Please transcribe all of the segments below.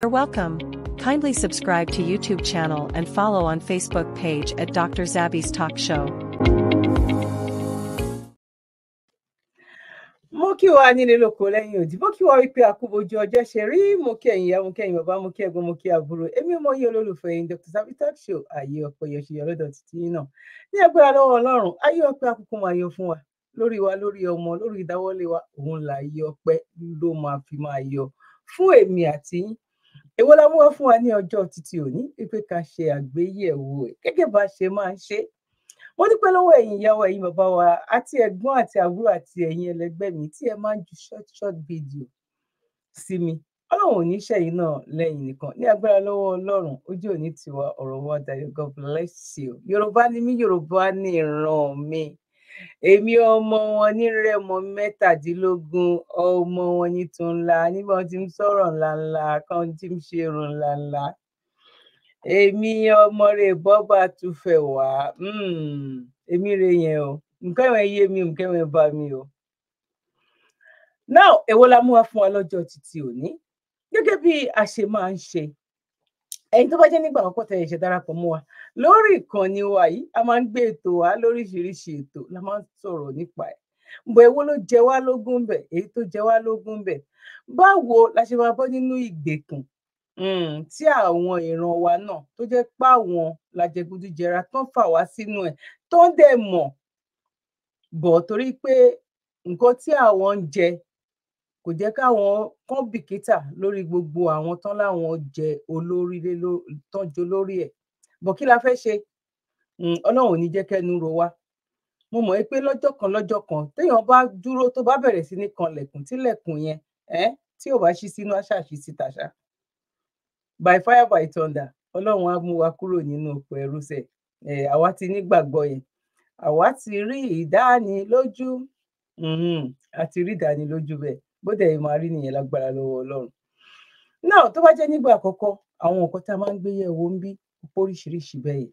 You're welcome. Kindly subscribe to YouTube channel and follow on Facebook page at Dr. Zabby's Talk Show. mo kí wa nílé lóko lẹ́yìn òdì mo kí wa wípé àkúbojú ọjọ́ ṣe rí mo kí ẹ̀yin ìyá mo kí ẹ̀yin bàbá mo kí ẹ̀gbọ́n mo kí àbúrò èmi ọmọ yìí olólùfẹ́ yìí Dr. Zabby's Talk Show ayé ọpẹ́ yọṣiyọ lọ́dọ̀ títí náà ní agbára lọ́wọ́ Ọlọ́run ayé ọpẹ́ akókó máa yọ fún wa lórí wa lórí ọmọ lórí ìdáwọ́lé wa òun là ayé ọpẹ́ ló máa fi máa yọ fún èmi àti yín èwo la mú wá fún wa ní ọjọ́ títí òní wípé ká ṣe àgbéyẹ̀wò ẹ̀ gẹ́gẹ́ bá a ṣe máa ń ṣe mo dúpẹ́ lọ́wọ́ ẹ̀yin ìyá wa bàbá wa àti ẹ̀gbọ́n àti àbúrò àti ẹ̀yin ẹlẹgbẹ́ mi tí ẹ máa ń ju short short video sí mi ọlọ́run ò ní ṣẹ̀yìn náà lẹ́yìn nìkan ní agbára lọ́wọ́ ọlọ́run ojú òní tiwa ọ̀rọ̀ wa dayo God bless you yorùbá ni mí yorùbá ni ìran mi èmi ọmọ wọn ní rẹmọ mẹ́tàdínlógún ọmọ wọn ní tún ńlá nígbà wọn ti ń sọ̀rọ̀ ńláńlá kan ti ń ṣerun ńláńlá èmi ọmọ rẹ bọba tún fẹ́ wá hmm, èmi rẹ yẹn o nǹkan ìwọ̀n yé mi nǹkan ìwọ̀n bá mi o. now èwo la mú wa fún wa lọ́jọ́ títí òní gẹ́gẹ́ bí a ṣe máa ń ṣe ẹ̀yin tó bá jẹ́ nígbà àkọ́kọ́ tẹ̀yẹ̀ ṣe darapọ̀ mọ́ wa lórí ìkànnì wa yìí a máa ń gbé ètò wa lóríṣiríṣi ètò la máa ń sọ̀rọ̀ nípa ẹ̀ bọ̀ èwo ló jẹ wá lógún bẹ̀ èyí tó jẹ wá lógún bẹ̀ báwo la ṣe máa bọ́ nínú ìgbèkùn hmm, tí àwọn ìran wa náà tó jẹ́ páwọn lajẹgúdújẹra tán fà wá sínú ẹ̀ tó ń dẹ̀ mọ̀ bọ̀ torí pé nǹkan tí àwọn ń jẹ kò jẹ́ káwọn kan bìkítà lórí gbogbo àwọn tán láwọn jẹ olórí lé tán jẹ olórí ẹ̀ bọ̀ kí la fẹ́ ṣe hmm, ọlọ́run ò ní jẹ́ kẹ́nu ro wá mo mọ̀ pé lọ́jọ́ kan lọ́jọ́ kan téèyàn bá dúró tó bá bẹ̀rẹ̀ sí ní kanlẹ̀kùn tílẹ̀kùn yẹn ẹ́ tí ò bá ṣí sínú aṣáṣí sí tàṣà by fire by thunder ọlọ́run á mú wa kúrò nínú oko ẹrú sẹ̀ ẹ̀ àwa ti nígbàgbọ́ yẹn àwa ti rí ìdánilójú àti hmm, rí ìdánilójú bẹ́ẹ̀ bó dẹ̀ máa rí nìyẹn lágbára lọ́wọ́ ọlọ́run náà tó bá jẹ́ nígbà àkọ́kọ́ àwọn nǹkan tá a máa ń gbé yẹ̀wò ń bí púpọ̀ oríṣiríṣi bẹ́ẹ̀ yẹn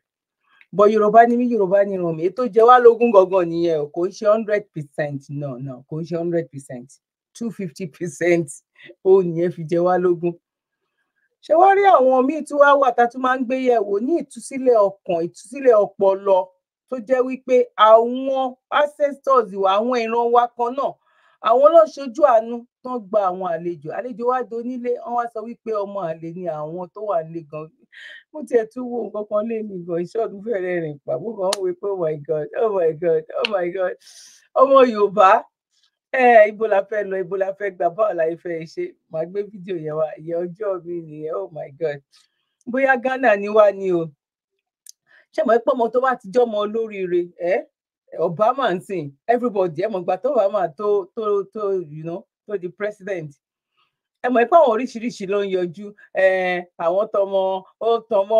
bọ yorùbá ni mí yorùbá ni ràn mí ètò jẹ wá lógún gangan nìyẹn kò ń ṣe hundred percent no no kò ń ṣe hundred percent two fifty percent ó nìyẹn fi jẹ wá lógún ṣé wá rí àwọn míì tí wàá wà tá a tún máa ń gbé yẹ̀wò ní ìtúsílẹ̀ ọkàn ìtúsílẹ̀ ọpọlọ tó jẹ́ wípé àwọn ancestors wa àwọn ìran wa kan náà àwọn náà ṣojú àánú tán gba àwọn àlejò àlejò wa donílé wọn wá sọ wípé ọmọ àlè ni àwọn tó wà nílé gan mo tiẹ̀ tún wo nǹkan kan lé mi gan ìṣọdún fẹ́rẹ̀ rìn pa mo kàn ń wí pé oh my god oh my god oh my god ọmọ yorùbá ibo la fẹ́ lọ ibo la fẹ́ gbà báwo la fẹ́ ṣe màá gbé fídíò yẹn wá ìyẹn ọjọ́ mi nìyẹn oh my god bóyá ghana ni wá ni o ṣé mo pé ọmọ tó bá ti jọmọ olóríire ẹ. Eh? obama ń sìn everybody ẹ mọ̀ gbà tó obama tó tó tó you know tó di president ẹ mọ̀ pé àwọn oríṣiríṣi ló ń yọjú àwọn tọmọ ó tọmọ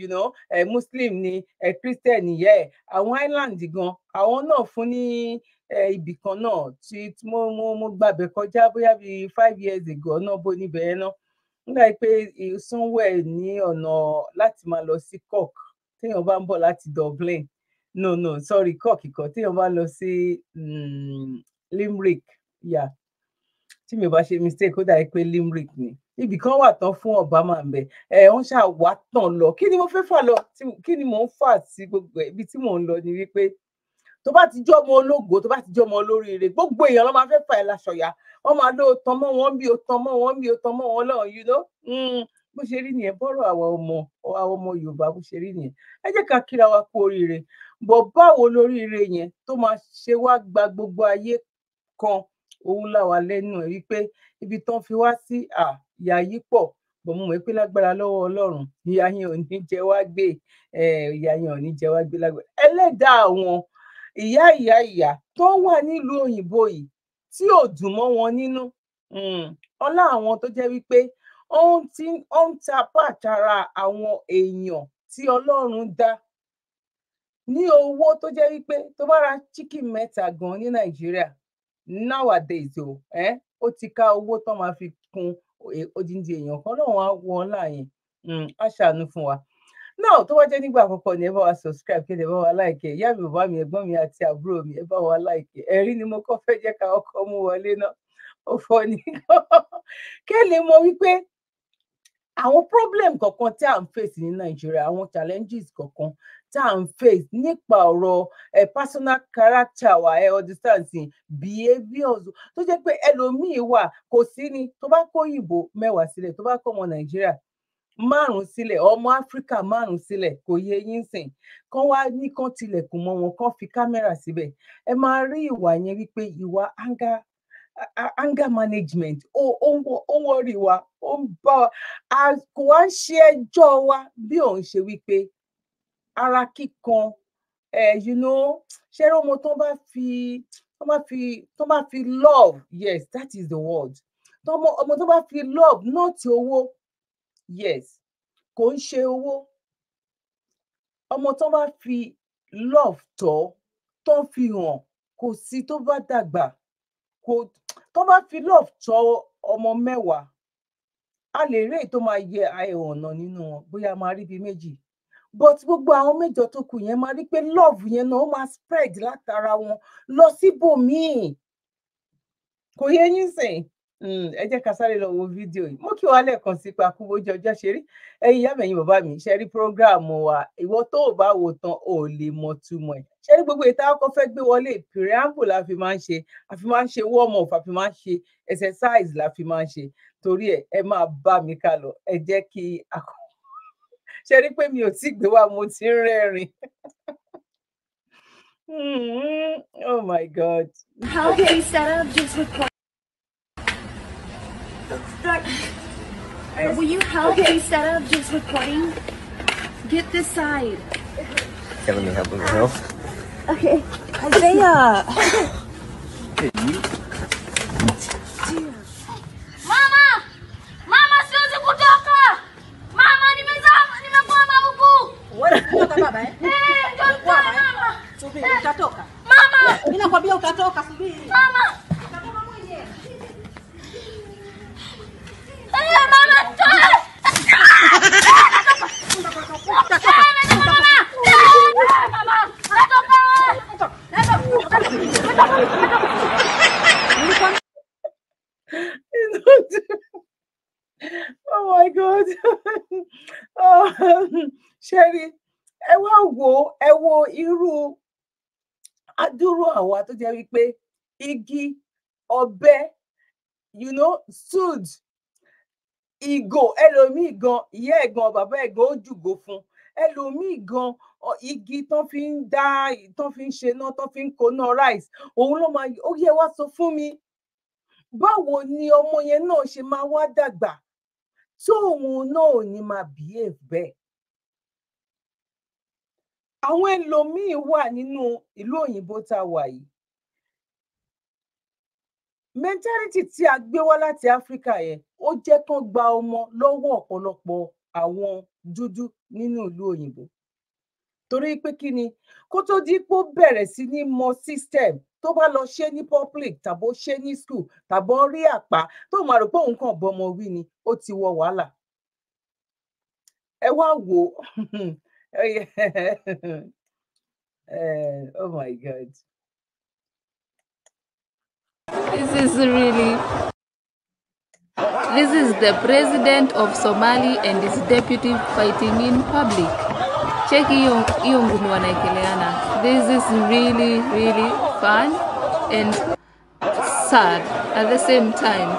you know muslim ni christian nìyẹ àwọn island gan àwọn náà fún ní ibì kan náà tí mo mo mo gbàbẹ kọjá bóyá bíi five years ago ọ̀nà bo níbẹ̀ yẹn náà nígbà pé sunwell ní ọ̀nà láti máa lọ sí cork téèyàn bá ń bọ̀ láti dublin no no sorry cock ikọ̀ téèyàn bá lọ sí mm, limerick yeah tí mi ò bá ṣe mistake ó dàbí pé limerick ni ibì kan wà tán fún obama ń bẹ ẹ ń ṣàwá tán lọ kí ni mo fẹ́ fà lọ kí ni mo ń fà sí gbogbo ibi tí mo ń lọ ni wípé tó bá ti jọ́ ọmọ ológo tó bá ti jọ́ ọmọ olóríire gbogbo èèyàn ló máa fẹ́ fà ẹ́ láṣọ̀yà wọ́n máa lọ tán mọ́ wọn bí o tán mọ́ wọn bí o tán mọ́ wọn lọ́hùn yìí lọ bó ṣe rí nìyẹn bọ́rọ̀ àwọn ọmọ àwọn ọmọ yorùbá bó ṣe rí nìyẹn ẹ jẹ́ ká kíra wa kú oríire bọ̀ báwo lóríire yẹn tó máa ṣe wá gba gbogbo ayé kan òun làwà lẹ́nu ẹ̀ wípé ibi tán fi wá sí ìyà pọ̀ bọ̀ mo mọ̀ pé lágbára lọ́wọ́ ọlọ́run ìyà yẹn jẹ wá gbé ìyà yẹn jẹ wá gbé lágbára ẹlẹ́dàá àwọn ìyá ìyá ìyá tó wà nílùú òyìnbó yìí tí ò dùn mọ́ wọn nínú hmm, ọlá àwọn tó jẹ́ wípé ó ń ta pàtàrà àwọn èèyàn tí ọlọ́run dá ní owó tó jẹ́ wípé tó bá ra chicken mẹ́ta gan ní nàìjíríà nowadays o eh, ó ti ká owó tán máa fi kun odindi èèyàn kan náà wọn á wọ ọlá yẹn hmm, á ṣàánú fún wa náà tó wá jẹ́ nígbà àkọ́kọ́ ni ẹ bá wa subscribe kí bá wa like ẹ ìyá mi bàbá mi ẹ̀gbọ́n mi àti àbúrò mi ẹ bá wa like ẹ ẹ̀rí ni mo kọ́ fẹ́ jẹ́ ká ọkọ mú wọlé náà ó fọ́ ni kí ni mo wí pé àwọn problem kọ̀ọ̀kan tí à ń face ní nàìjíríà àwọn challenges kọ̀ọ̀kan tá à ń face nípa ọ̀rọ̀ ẹ̀ personal character wa ẹ̀ understand in behaviours tó jẹ́ pé ẹlòmíì wà kò sí ni tó bá kó òyìnbó mẹ́wàá sílẹ̀ tó bá kó ọmọ nàìjíríà márùn sílẹ̀ ọmọ áfíríkà márùn sílẹ̀ kò yẹ yín sìn kán wá ní kán tilẹ̀kùn mọ́ wọn kán fi kámẹ́rà síbẹ̀ ẹ máa rí ìwà yẹn wípé ìwà anger anger management ó ó ń wọrí wa ó ń bá wa kò wá ń ṣe ẹjọ́ wa bí òun ṣe wípé ara kíkan uh, you know ṣé ọmọ tó bá fi tó bá fi tó bá fi love yes that is the word tọmọ ọmọ tó bá fi love náà ti owó yes kò ń ṣe owó ọmọ tó bá fi love tọ́ tó fi hàn kò sí tó bá dàgbà kò tó bá fi love tọ́ ọmọ mẹ́wàá a lè rí èyí tó máa yẹ àìhànà nínú wọn bóyá máa rí bíi méjì but gbogbo àwọn mẹ́jọ tó kù yẹn máa rí pé love yẹn náà ó máa spread látara wọn lọ síbòmíì kò yẹ yín sìn hmm, ẹ jẹ́ ká sáré lọ wo fídíò yìí mo kí wa lẹ́ẹ̀kan sí pa kú bójú ọjọ́ ṣe rí ẹ̀yin ìyá mẹ̀yìn bàbá mi ṣe rí prógráàmù wa ìwọ tó o bá wo tán o ò lè mọ túmọ̀ ẹ̀ ṣe rí gbogbo ìta ọkọ̀ fẹ́ gbé wọlé preamble la fi máa ń ṣe a fi máa ń ṣe warm up a fi máa ń ṣe exercise la fi máa ń ṣe torí ẹ ẹ máa bá mi ká lọ ẹ jẹ́ kí akọ. ṣe rí pé mi ò tí gbé wá mo ti ń rẹ́rìn. Hmm, oh my god. how can you set up just with one. Will you help okay. me set up just recording? Get this side. Kevin, okay, let me help him help. Okay. Isaiah. gan bàbá ẹ̀ gan ó jùgò fún ẹlòmíì gan igi tán fi ń dá tán fi ń ṣe náà tán fi ń koná rice òun ló máa ó yẹ wá sọ fún mi báwo ni ọmọ yẹn náà ṣe máa wá dàgbà tóun náà ò ní máa behave bẹ́ẹ̀ àwọn ẹlòmíín wà nínú ìlú òyìnbó tá a wà yìí mentality tí a gbé wá láti Áfíríkà yẹn ó jẹ́ kán gba ọmọ lọ́wọ́ ọ̀pọ̀lọpọ̀ àwọn dúdú nínú ìlú òyìnbó torí pé kí ni kó tó di pé ó bẹ̀rẹ̀ sí ní mọ system tó bá lọ ṣe ní public tàbó ṣe ní school tàbó rí àpá tó máa rò pé òun kàn bọmọ wí ni ó ti wọ wàhálà ẹ wá wò ó eh, oh my god. This is really This is the president of Somali and his deputy fighting in public. Cheki hiyo ngumi wanaekeleana. This is really really fun and sad at the same time.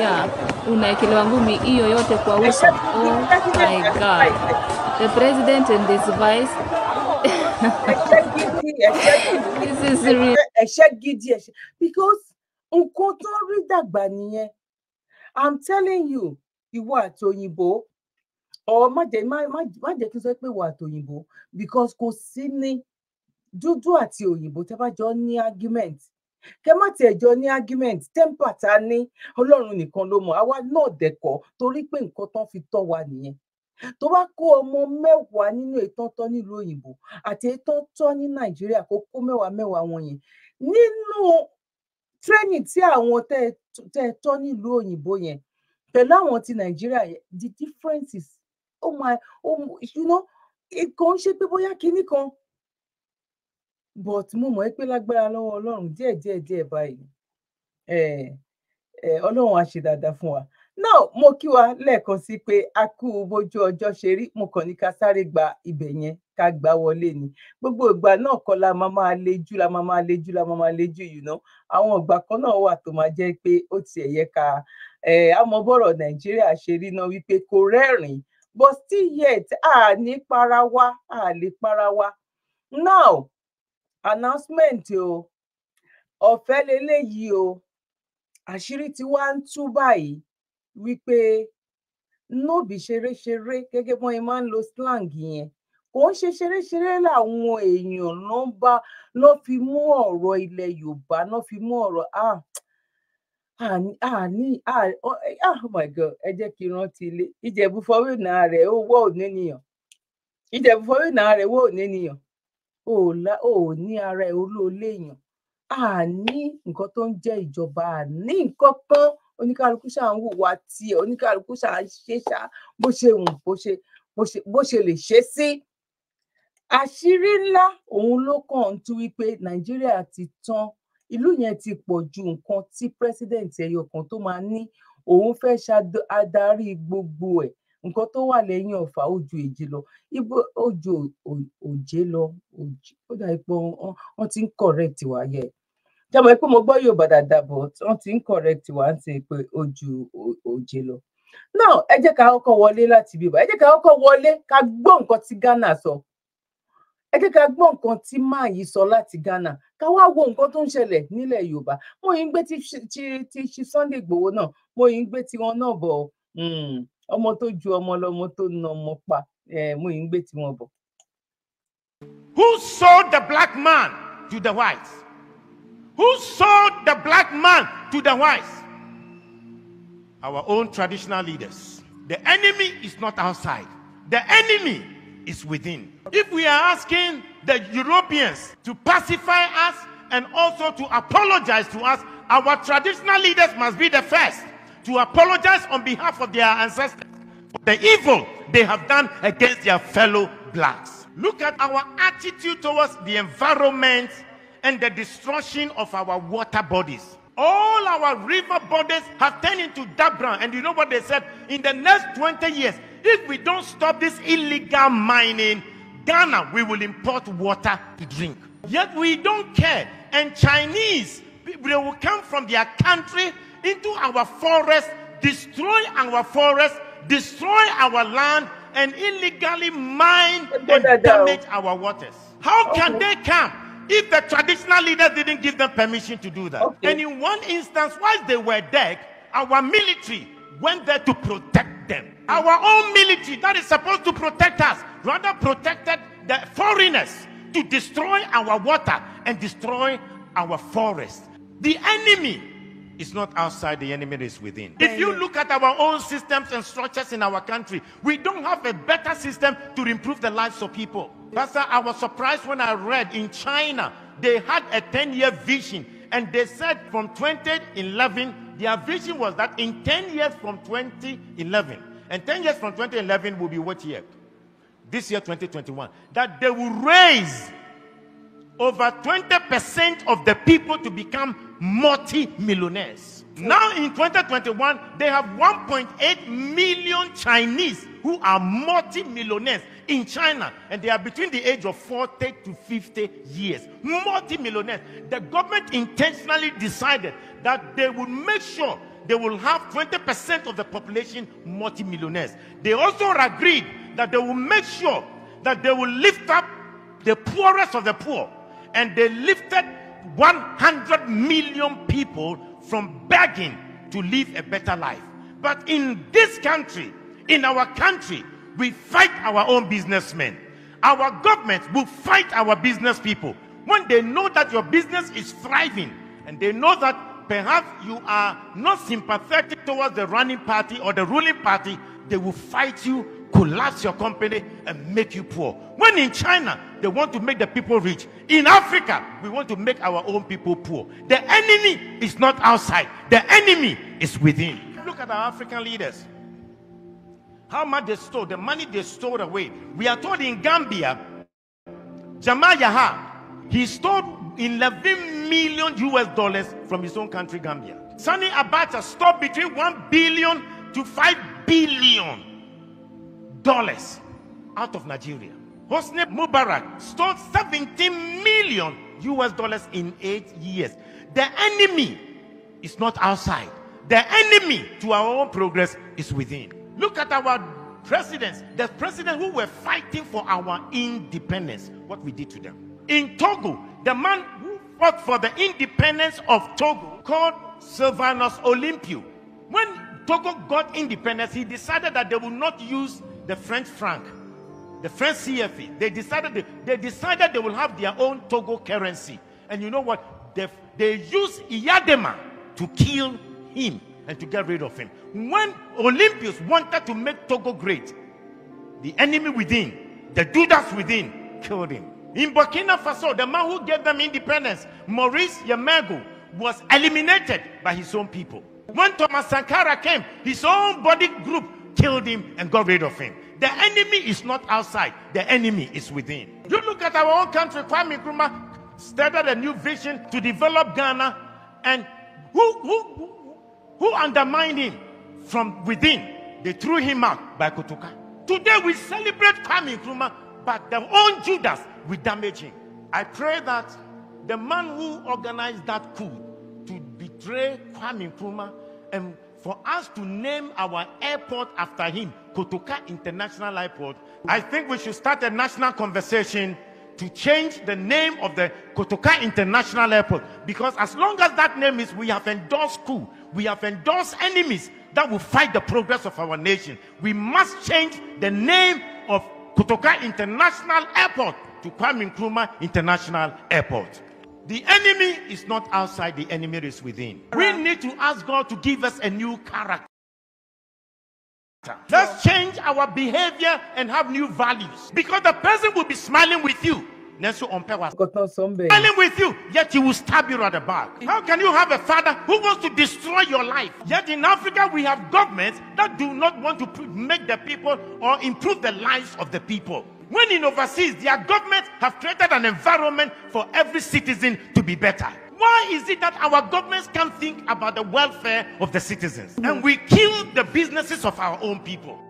Yeah, unaekelewa ngumi hiyo yote kwa uso. Oh my god. The president and his vice This is really... Because nǹkan tó rí dàgbà nìyẹn. i'm telling you ìwọ àti òyìnbó ọ má jẹ́ má jẹ́ kí n sọ pé ìwọ àti òyìnbó because kò sí ní dúdú àti òyìnbó tẹ́ bá jọ ní argument kẹ má tiẹ̀ jọ ní argument temper ta ní ọlọ́run nìkan ló mọ̀ àwa náà dẹ̀kọ̀ torí pé nǹkan tán fi tọ́ wa nìyẹn tó bá kó ọmọ mẹ́wàá nínú ìtàn tán nílùú òyìnbó àti ìtàn tán ní nàìjíríà kó kó mẹ́wàá mẹ́wàá wọn yẹn nínú training tí àwọn tẹ́ ẹ tọ́ nílùú òyìnbó yẹn pẹ̀lú àwọn ti nàìjíríà yẹn the difference is oh my oh you know nǹkan ṣe pé bóyá kinní kan but mo mọ̀ pé lágbára lọ́wọ́ ọlọ́run díẹ̀ díẹ̀ díẹ̀ báyìí ọlọ́run á ṣe dáadáa fún wa náà mo kí wa lẹ́ẹ̀kan sí pé a kú bójú ọjọ́ ṣe rí mo kàn ní ká sáré gba ibẹ̀ yẹn ká gbá wọlé ni gbogbo ìgbà náà kọ́ la máa máa lejú la máa máa lejú la máa máa lejú yìí ná àwọn ìgbà kan náà wà tó máa jẹ́ pé ó tiẹ̀ yẹ ká amọ̀bọ̀rọ̀ nàìjíríà ṣe rí náà wípé kò rẹ́rìn but still yet a ní para wa a lè para wa now announcement o ọ̀fẹ́ leléyìí o àṣírí tí wàá ń tú báyìí wípé nóbì ṣeréṣeré gẹ́gẹ́ bọ́n ẹ máa ń lo slang yẹn kò ń ṣe ṣeréṣeré làwọn èèyàn ló bá fi mú ọrọ ilẹ̀ yorùbá lọ fi mú ọrọ ah àní ah oh my god ẹ jẹ́ kí n rántí ilé ìjẹ̀bú fọwọ́nà rẹ̀ ó òní nìyàn rẹ̀ owó òní ò ní ara olóòlé èèyàn àní nǹkan tó ń oníkálukú ṣáà ń hùwà tiẹ̀ oníkálukú ṣáà ń ṣe ṣá bó ṣe wù bó ṣe bó ṣe lè ṣe sí. àṣírí ńlá òun ló kàn ń tú wípé nàìjíríà ti tán ìlú yẹn ti pọ̀ ju nǹkan tí president ẹyọ kan tó máa ní òun fẹ́ ṣadarí gbogbo ẹ̀ nǹkan tó wà lẹ́yìn ọ̀fà ojú èjì lọ ibo ojú òjé lọ ó dà pé wọ́n ti ń correct wa yẹ jẹ́mọ̀ pé mo gbọ́ Yorùbá dáadáa bọ̀ wọ́n ti ń correct wa ń ṣe pé ojú òjè lọ. náà ẹ jẹ́ ká kọ́kọ́ wọlé láti ibi ìbá ẹ jẹ́ ká kọ́kọ́ wọlé ká gbọ́ nǹkan tí Ghana sọ ẹ jẹ́ ká gbọ́ nǹkan tí máa yìí sọ láti Ghana ká wá wo nǹkan tó ń ṣẹlẹ̀ nílẹ̀ Yorùbá mo yìí ń gbé ti ṣi Sunday Igboho náà mo yìí ń gbé tiwọn náà bọ̀ hmm, ọmọ tó ju ọmọ lọmọ tó na ọmọ pa mo yìí ń gbé tiwọn bọ̀. Who sold the black man to the whites? who sold the black man to the whites? Our own traditional leaders. The enemy is not outside, the enemy is within. If we are asking the Europeans to pacify us and also to apologize to us, our traditional leaders must be the first to apologize on behalf of their ancestors for the evil they have done against their fellow blacks. Look at our attitude towards the environment and the destruction of our water bodies. All our river bodies have turned into Dabran. And you know what they said? In the next 20 years, if we don't stop this illegal mining, Ghana, we will import water to drink. Yet we don't care. And Chinese, they will come from their country into our forest, destroy our forest, destroy our land, and illegally mine and damage our waters. How can they come? If the traditional leaders didn't give them permission to do that, okay. and in one instance, while they were there, our military went there to protect them. Our own military that is supposed to protect us rather protected the foreigners to destroy our water and destroy our forest. The enemy is not outside, the enemy is within. If you look at our own systems and structures in our country, we don't have a better system to improve the lives of people. Pastor, I was surprised when I read in China they had a 10 year vision and they said from 2011 their vision was that in 10 years from 2011 and 10 years from 2011 will be what year? This year 2021 that they will raise over 20% of the people to become multi-millionaires. Now in 2021, they have 1.8 million Chinese who are multi-millionaires in China, and they are between the age of 40 to 50 years. Multi-millionaires. The government intentionally decided that they would make sure they will have 20% of the population multi-millionaires. They also agreed that they will make sure that they will lift up the poorest of the poor. And they lifted 100 million people from begging to live a better life. But in this country, in our country, we fight our own businessmen. Our government will fight our business people. When they know that your business is thriving and they know that perhaps you are not sympathetic towards the running party or the ruling party, they will fight you, collapse your company, and make you poor. When in China, they want to make the people rich. In Africa, we want to make our own people poor. The enemy is not outside, the enemy is within. Look at our African leaders how much they stole, the money they stole away. We are told in Gambia, Jamal Yaha, he stole 11 million US dollars from his own country, Gambia. Sani Abacha stole between 1 billion to 5 billion dollars out of Nigeria. Hosni Mubarak stole 17 million US dollars in eight years. The enemy is not outside. The enemy to our own progress is within. Look at our presidents, the presidents who were fighting for our independence, what we did to them. In Togo, the man who fought for the independence of Togo called Sylvanus Olympio. When Togo got independence, he decided that they would not use the French franc, the French CFA. They decided they, they decided they will have their own Togo currency. And you know what? They, they used Iyadema to kill him and to get rid of him. When Olympus wanted to make Togo great, the enemy within, the Judas within, killed him. In Burkina Faso, the man who gave them independence, Maurice Yamago, was eliminated by his own people. When Thomas Sankara came, his own body group killed him and got rid of him. The enemy is not outside, the enemy is within. You look at our own country, Kwame Nkrumah started a new vision to develop Ghana, and who, who, who undermined him from within, they threw him out by Kotoka. Today we celebrate Kwame Nkrumah, but the own Judas will damage him. I pray that the man who organized that coup to betray Kwame Nkrumah and for us to name our airport after him, Kotoka International Airport, I think we should start a national conversation to change the name of the Kotoka International Airport because as long as that name is, we have endorsed coup we have endorsed enemies that will fight the progress of our nation. We must change the name of Kotoka International Airport to Kwame Nkrumah International Airport. The enemy is not outside, the enemy is within. We need to ask God to give us a new character. Let's change our behavior and have new values because the person will be smiling with you Dealing with you, yet he will stab you at the back. Mm. How can you have a father who wants to destroy your life? Yet in Africa, we have governments that do not want to make the people or improve the lives of the people. When in overseas, their governments have created an environment for every citizen to be better. Why is it that our governments can't think about the welfare of the citizens? Mm. And we kill the businesses of our own people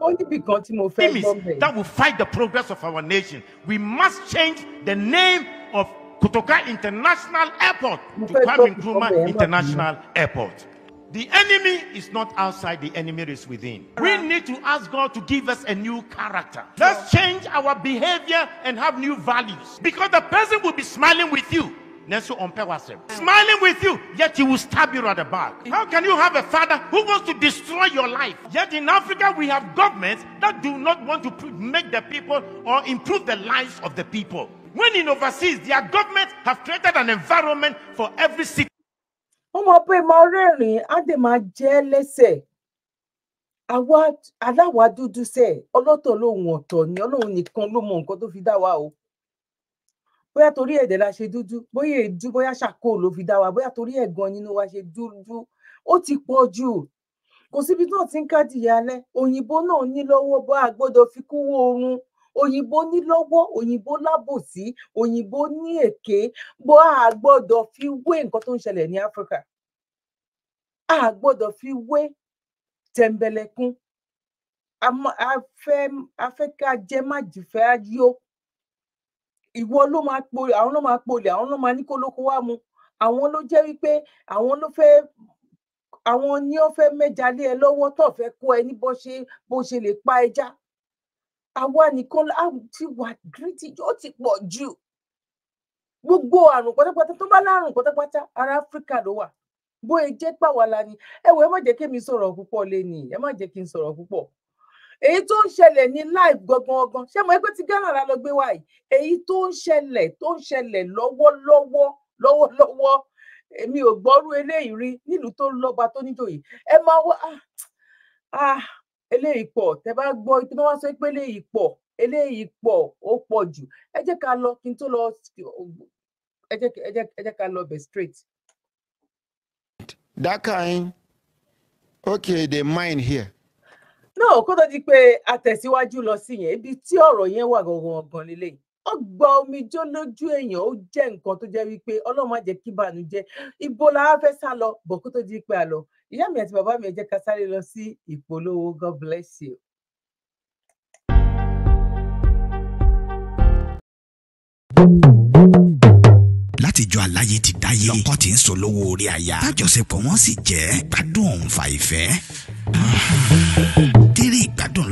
only because tí that will fight the progress of our nation we must change the name of Kotoka International Airport to Kwame Nkrumah International Airport. The enemy is not outside, the enemy is within. We need to ask God to give us a new character. Let's change our behavior and have new values. Because the person will be smiling with you nanso ɔmpɛ w'asɛm smiling with you yet he will stab you at the back how can you have a father who wants to destroy your life yet in africa we have governments that do not want to make the people or improve the lives of the people when in overseas their governments have created an environment for every city. wọ́n pé máa rẹ́rìn-ín á dè dúdú sẹ́ẹ̀ ọlọ́tọ̀ lòun ọ̀tọ̀ ni ọlọ́run nìkan ló mọ nǹkan tó fi dá wa o bóyá torí ẹ̀dẹ̀ la ṣe dúdú bóyá èdú bóyá ṣàkó ló fi dá wa bóyá torí ẹ̀gan nínú wa ṣe dúdú ó ti pọ̀ jù kò síbi náà ti ń kádìyà alẹ́ òyìnbó náà ní lọ́wọ́ bá a gbọ́dọ̀ fi kú oorun òyìnbó ní lọ́wọ́ òyìnbó lábòsí òyìnbó ní èké bó a gbọ́dọ̀ fi wé nǹkan tó ń ṣẹlẹ̀ ní áfíríkà a gbọ́dọ̀ fi wé tẹ̀m̀bẹ̀lẹ̀kun a fẹ́ ká jẹ́ má yó ìwọ ló máa polè àwọn ló máa polè àwọn ló máa ní kó lóko wá mu àwọn ló jẹ́ wípé àwọn ló fẹ́ àwọn ni ó fẹ́ mẹ́ja lé ẹ lọ́wọ́ tó fẹ́ kó ẹ ní bó ṣe bó ṣe lè pa ẹja àwa nìkan á ti wà gírídì yóò ti pọ̀ jù gbogbo àrùn pátápátá tó bá lárùn pátápátá ara áfíríkà ló wà bó e jẹ́ pàwọ́lá ni ẹ wò ẹ má jẹ́ kí èmi sọ̀rọ̀ púpọ̀ lẹ́nìí ẹ má jẹ́ kí n sọ̀rọ̀ púpọ̀ èyí tó ń ṣẹlẹ̀ ní live gangan gangan ṣé mo ẹgbẹ́ ti Ghana la lọ gbé wá yìí èyí tó ń ṣẹlẹ̀ tó ń ṣẹlẹ̀ lọ́wọ́lọ́wọ́ lọ́wọ́lọ́wọ́ èmi ò gbọ́rú eléyìí rí nílùú tó lọ́ba tó níjòyè ẹ máa wá ah, ah eléyìí pọ̀ tẹ bá gbọ́ tí wọ́n wá sọ pé eléyìí pọ̀ eléyìí pọ̀ ó pọ̀ jù ẹ jẹ́ ká lọ kí n tó lọ ẹ jẹ́ ká lọ bẹ̀ straight. that kind okay they mine here náà kó tó di pé a tẹ̀síwájú lọ sí yẹn ibi tí ọ̀rọ̀ yẹn wà gangan gan lélẹ̀ ó gba omijó lójú èèyàn ó jẹ́ nǹkan tó jẹ́ wípé ọlọ́run á jẹ́ kí bànújẹ́ ibo la á fẹ́ sá lọ bọ̀ kó tó di pé a lọ ìyá mi àti bàbá mi ẹ jẹ́ ká sáré lọ sí ìpolówó God bless you. látijọ́ aláyé ti dáyé lọ́kọ́ tí ń sọ lówó orí aya tájọṣepọ̀ wọn sì jẹ́ gbádùn òǹfà ìfẹ́. Ah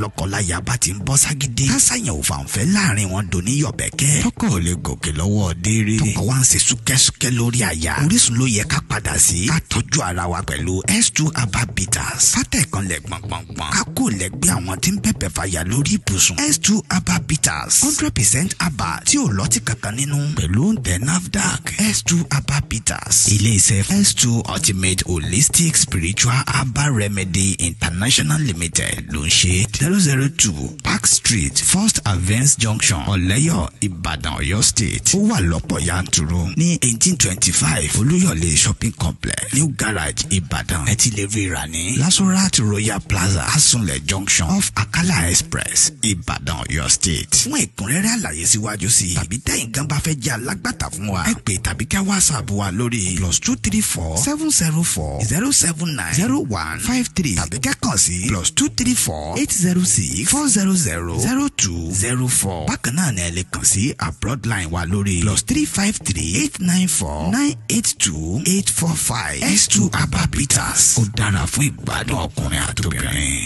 lọ́kọláya bá ti ń bọ́ ságídé tásàyàn ò fàǹfẹ́ láàrin wọn dò ní yọ̀bẹ̀kẹ́ tọkọ ò lè gòkè lọ́wọ́ déere tọkọ wa ń ṣe súkẹ́súkẹ́ lórí àyà orísun ló yẹ ká padà sí ká tọ́jú ara wa pẹ̀lú s2 ababitas sátẹ̀kan lẹ̀ gbọ̀ngbọ̀ngbọ̀n ká kó lẹ́gbẹ́ àwọn tí ń bẹ̀bẹ̀ fàyà lórí ibùsùn s2 ababitas hundred percent aba tí ò lọ́tì kankan nínú pẹ̀lú the nafdac s2 ababitas ilé-iṣẹ́ s2 ultimate holistic spiritual herbal remedy international limited ló ń ṣe 002 Park Street First Avance Junction Ọ̀lẹ́yọ̀ Ìbàdàn Ọ̀yọ́ State ó wà lọ́pọ̀ yanturu ní 1825 Olúyọ̀lé Shopping Complex New Garage Ìbàdàn ẹ ti lè rí ra ní Lasorat Royal Plaza Asunlẹ̀ Junction off Akala Express Ìbàdàn Ọ̀yọ́ State. Fún ẹ̀kúnrẹ́rẹ́ àlàyé síwájú sí i tàbí tẹ̀yìn gan bá fẹ́ jẹ́ alágbàtà fún wa ẹ pè tàbí ká WhatsApp wa lórí plus two three four seven zero four zero seven nine zero one five three tàbí ká kàn sí plus two three four eight zero zero six four zero zero zero two zero four bákan náà ni ẹ lè kàn sí abroad line wa lórí plus three five three eight nine four nine eight two eight four five s two abba peters ó dára fún ìgbádùn ọkùnrin àtòbìnrin.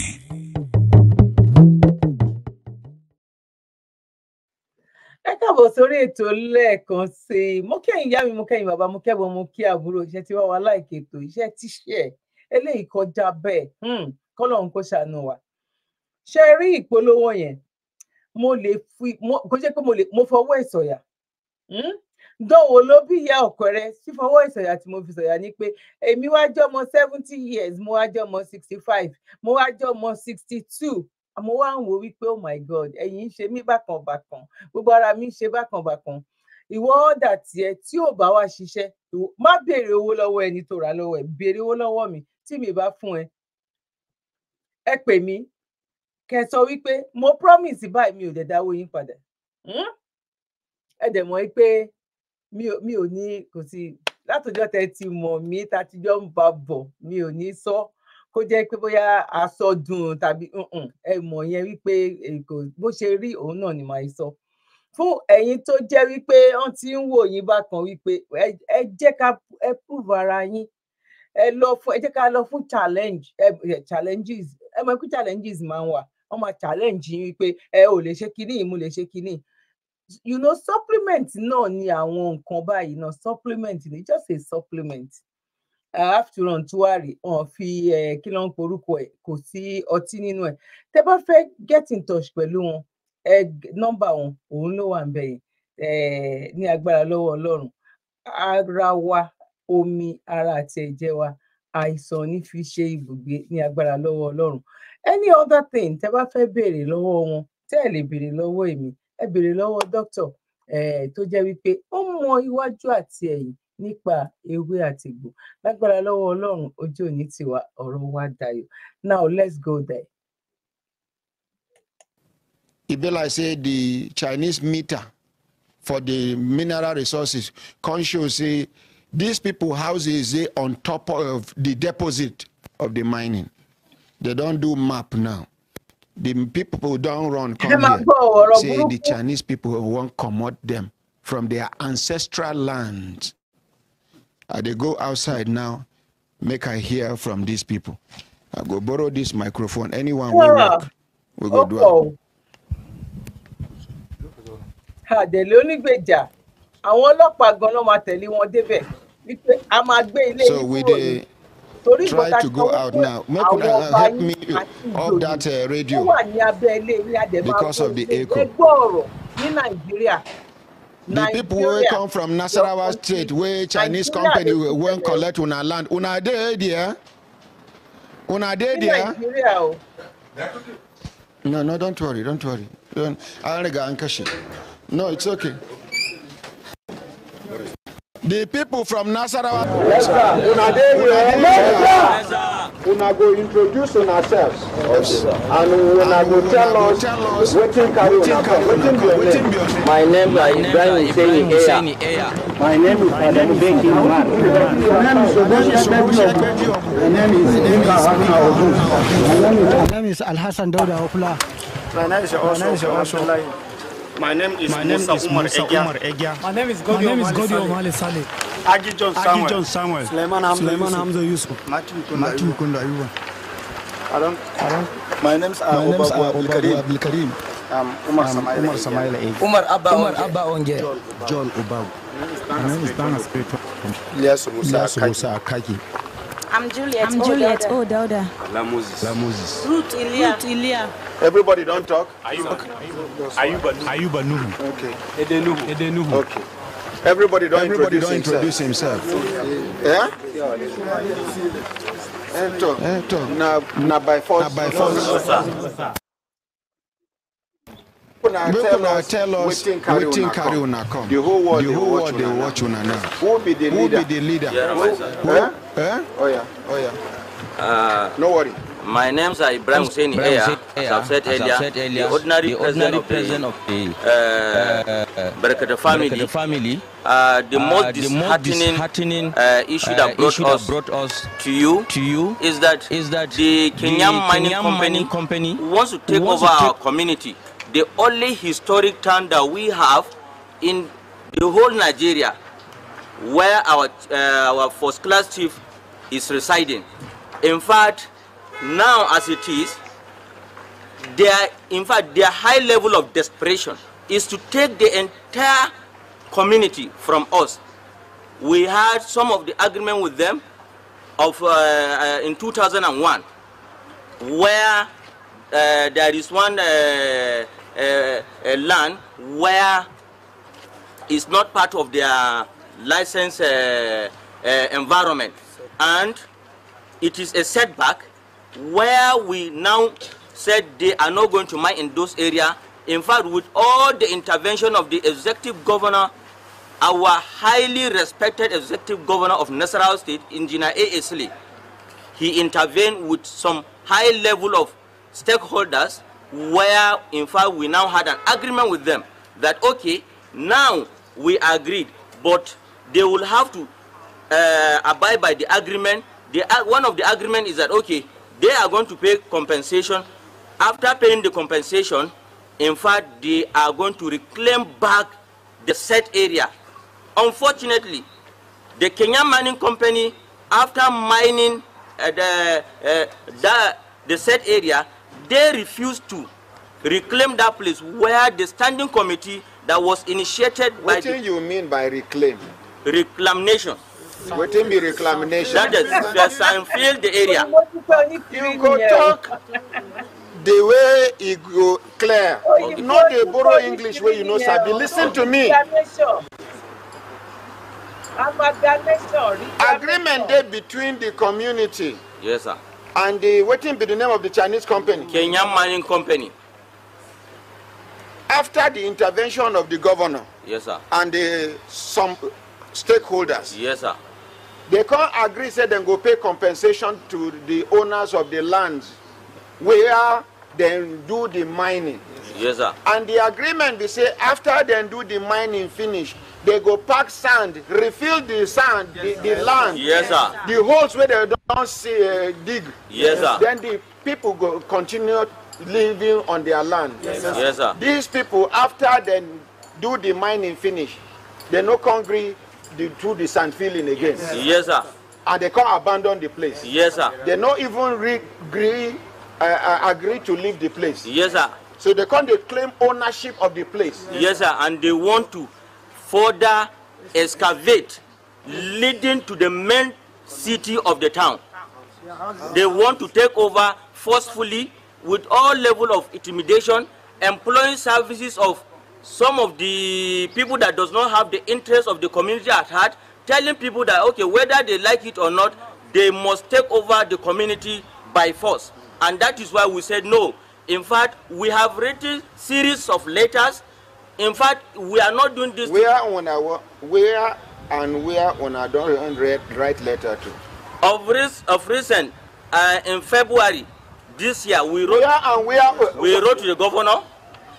ẹ káàbọ̀ sórí ètò lẹ́ẹ̀kan sí i mo kẹ́yìn ìyá mi mo kẹ́yìn bàbá mo kẹ́bọ̀ mo kí àbúrò iṣẹ́ tí wọ́n wá láìkè ètò iṣẹ́ tíṣẹ́ eléyìí kọjá bẹ́ẹ̀ hmm, kọ́lọ́hún kó ṣàánú wa ṣe rí ìpolówó yẹn mo lè fi kò ṣe pé mo lè mo fọwọ́ ìsọ̀yà hmm? dánwò ló bí ìyá ọkọ rẹ fífọwọ́ ìsọ̀yà tí mo fi sọ̀yà ni pé èmi wá jẹ́ ọmọ seventy years mo wá jẹ́ ọmọ sixty five mo wá jẹ́ ọmọ sixty two mo wá ń wo wípé oh my god ẹ̀yin ń ṣe mí bákan bákan gbogbo ara mi ń ṣe bákan bákan ìwọ ọ̀dà tiẹ̀ tí ò bá wá ṣiṣẹ́ má béèrè owó lọ́wọ́ ẹni tó rà lọ́wọ́ ẹ̀ béèrè owó lọ́wọ́ mi tí mi bá fún ẹ ẹ pè mí kẹ sọ wípé mo promise báyìí mi ò dẹ̀ dáwó yín padà hmm? ẹ dẹ̀ mọ̀ pé mi ò ní kò sí látọjọ́ tẹ ti mọ̀ mí tàtijọ ń bá bọ̀ mi ò ní sọ kó jẹ́ pé bóyá àsọdùn tàbí ẹ mọ̀ yẹn wípé e, bó ṣe rí òun náà ni màá sọ fún ẹ̀yin tó jẹ́ wípé wọ́n ti ń wò yín bákan wípé ẹ jẹ́ ká ẹ prove ara yín ẹ lọ fún ẹ jẹ́ ká lọ fún challenge ẹ challenges ẹ mọ̀ pé challenges máa ń wà wọ́n máa challenge yín pé ẹ ò lè ṣe kinní ìmú lè ṣe kinní you know supplement náà ni àwọn nǹkan báyìí náà supplement ni just a supplement after all tuwari wọ́n fi kí ló ń porúkọ ẹ̀ kò sí ọtí nínú ẹ̀ tẹ́ bá fẹ́ get in touch pẹ̀lú wọn ẹ nọ́mbà wọn òun ló wà ń bẹ yẹn ní agbára lọ́wọ́ Ọlọ́run ara wa omi ara àti ẹ̀jẹ̀ wa àìsàn ní fi ṣe ibùgbé ní agbára lọ́wọ́ Ọlọ́run any other thing tẹ́ bá fẹ́ béèrè lọ́wọ́ wọn tẹ́ ẹ lè béèrè lọ́wọ́ èmi ẹ béèrè lọ́wọ́ doctor tó jẹ́ wípé ó mọ iwájú àti ẹ̀yìn nípa ewé àti egbò lágbára lọ́wọ́ Ọlọ́run ojú òní tiwa ọ̀rọ̀ wa dayọ̀ now let's go there. e be like say the Chinese meter for the mineral resources come show say. These people houses they on top of the deposit of the mining. They don't do map now. The people don't run come here. Say the Chinese people won't commode them from their ancestral land. I uh, they go outside now, make I hear from these people. I go borrow this microphone. Anyone yeah. will work. We go do Ha! it. àdè lónígbèjà àwọn ọlọ́pàá gan-an máa tẹ̀lé wọn débẹ̀ wípé a máa gbé ilé yìí kúrò ní torí ìgbà tá a sọ wípé àwọn ọba yìí àti ìjòyè uh, wà ní abẹ́ ilé ní àdèmà ẹgbẹ́ ọ̀rọ̀ ní nàìjíríà. The people wey come from Nasarawa state where Chinese company wan collect una land, una dey there? Una dey dear. No, no, don't worry, don't worry. Don't, an riga an kashe. No, it's okay the people from Nasarawa. Lesa, una dey here. Lesa, una go introduce ourselves. Yes, and una go tell us wetin carry una come, wetin be your name. My name na Ibrahim Hussein Eya. My name is Adam Benki Umar. My name is Obosia Benki My name is Inga Hakna Odu. My name is Alhassan Dauda Opla. My name is Osu Abdullahi. My name is My Musa, name is Umar, Musa Egia. Umar Egia. My name is Godi Godi Omale Saleh. Aji John Samuel. Agi John Samuel. Suleiman Hamza, Suleiman Hamza Yusuf. Martin Kunda Ayuba. Adam. Adam. My name is Abba Abdul Karim. Um, Umar um, Samaila Umar Samaila Egia. Umar Abba Onge. Umar Abba Onge. John Obabu. My name is Dana Spiritual. Ilyasu Musa Akaki. I'm Juliet. I'm Juliet Ododa. La Moses. La Moses. Ruth Ilia. Ruth Ilia. Everybody don't talk. Ayuba. Ayuba. Ayuba Nuhu. Okay. Edenuhu. Edenuhu. Okay. Everybody don't Everybody introduce don't introduce himself. Yeah? yeah? Eto. Eto. Na, na by force. Na by force. People now tell us us waiting carry, waiting carry una come. The whole world, the whole world they watch una now. Who be the leader? Who be the leader? Yeah, who, who, eh? Eh? Oh yeah, oh yeah. Uh, no worry. My name's is Ibrahim Hussein Eya, as I've said earlier, the ordinary, the ordinary president, of the, of uh, the uh, family. family. Uh, the uh, most uh, disheartening, uh, issue that uh, brought, issue us, brought us to, you to you, is that, is that the Kenyan, mining, company, company wants to take wants over to our community. The only historic town that we have in the whole Nigeria where our, our first class chief is residing. In fact, now as it is, their, in fact, their high level of desperation is to take the entire community from us. We had some of the agreement with them of, uh, uh, in 2001, where uh, there is one uh, uh, uh, land where it's not part of their license environment and it is a setback where we now said they are not going to mine in those areas. In fact, with all the intervention of the executive governor, our highly respected executive governor of Nasarawa State, Engineer A. Isley, he intervened with some high level of stakeholders where, in fact, we now had an agreement with them that, okay, now we agreed, but they will have to uh, abide by the agreement, the, uh, one of the agreement is that, okay, they are going to pay compensation. After paying the compensation, in fact, they are going to reclaim back the set area. Unfortunately, the Kenyan Mining Company, after mining uh, the, uh, the, the set area, they refused to reclaim that place where the standing committee that was initiated what by... What do you mean by reclaim? Reclamation. Waiting be reclamation. That is, yes, I'm feel the area. You go talk the way it go clear. Okay. Not the borrow English where you know Sabi. Oh, Listen to oh, me. Agreement there between the community. Yes, sir. And the waiting be the name of the Chinese company. Kenyan Mining Company. After the intervention of the governor. Yes, sir. And the, some stakeholders. Yes, sir. They can't agree, say they go pay compensation to the owners of the lands where they do the mining. Yes, sir. And the agreement they say after they do the mining finish, they go pack sand, refill the sand, yes, the, the land. Yes, sir. The holes where they don't see, uh, dig. Yes, sir. Then the people go continue living on their land. Yes, sir. Yes, sir. These people, after they do the mining finish, they no congregate the, through the sand filling again. Yes, yes sir. And they can't abandon the place. Yes, sir. They not even re- agree, uh, uh agree to leave the place. Yes, sir. So they can't they claim ownership of the place. Yes, sir. And they want to further excavate, leading to the main city of the town. They want to take over forcefully with all level of intimidation, employing services of some of the people that does not have the interest of the community at heart telling people that okay whether they like it or not they must take over the community by force and that is why we said no in fact we have written series of letters in fact we are not doing this. where on our where and where on our don write letter to. of, res, of recent uh, in february this year we wrote. where and where. Uh, we wrote to the governor.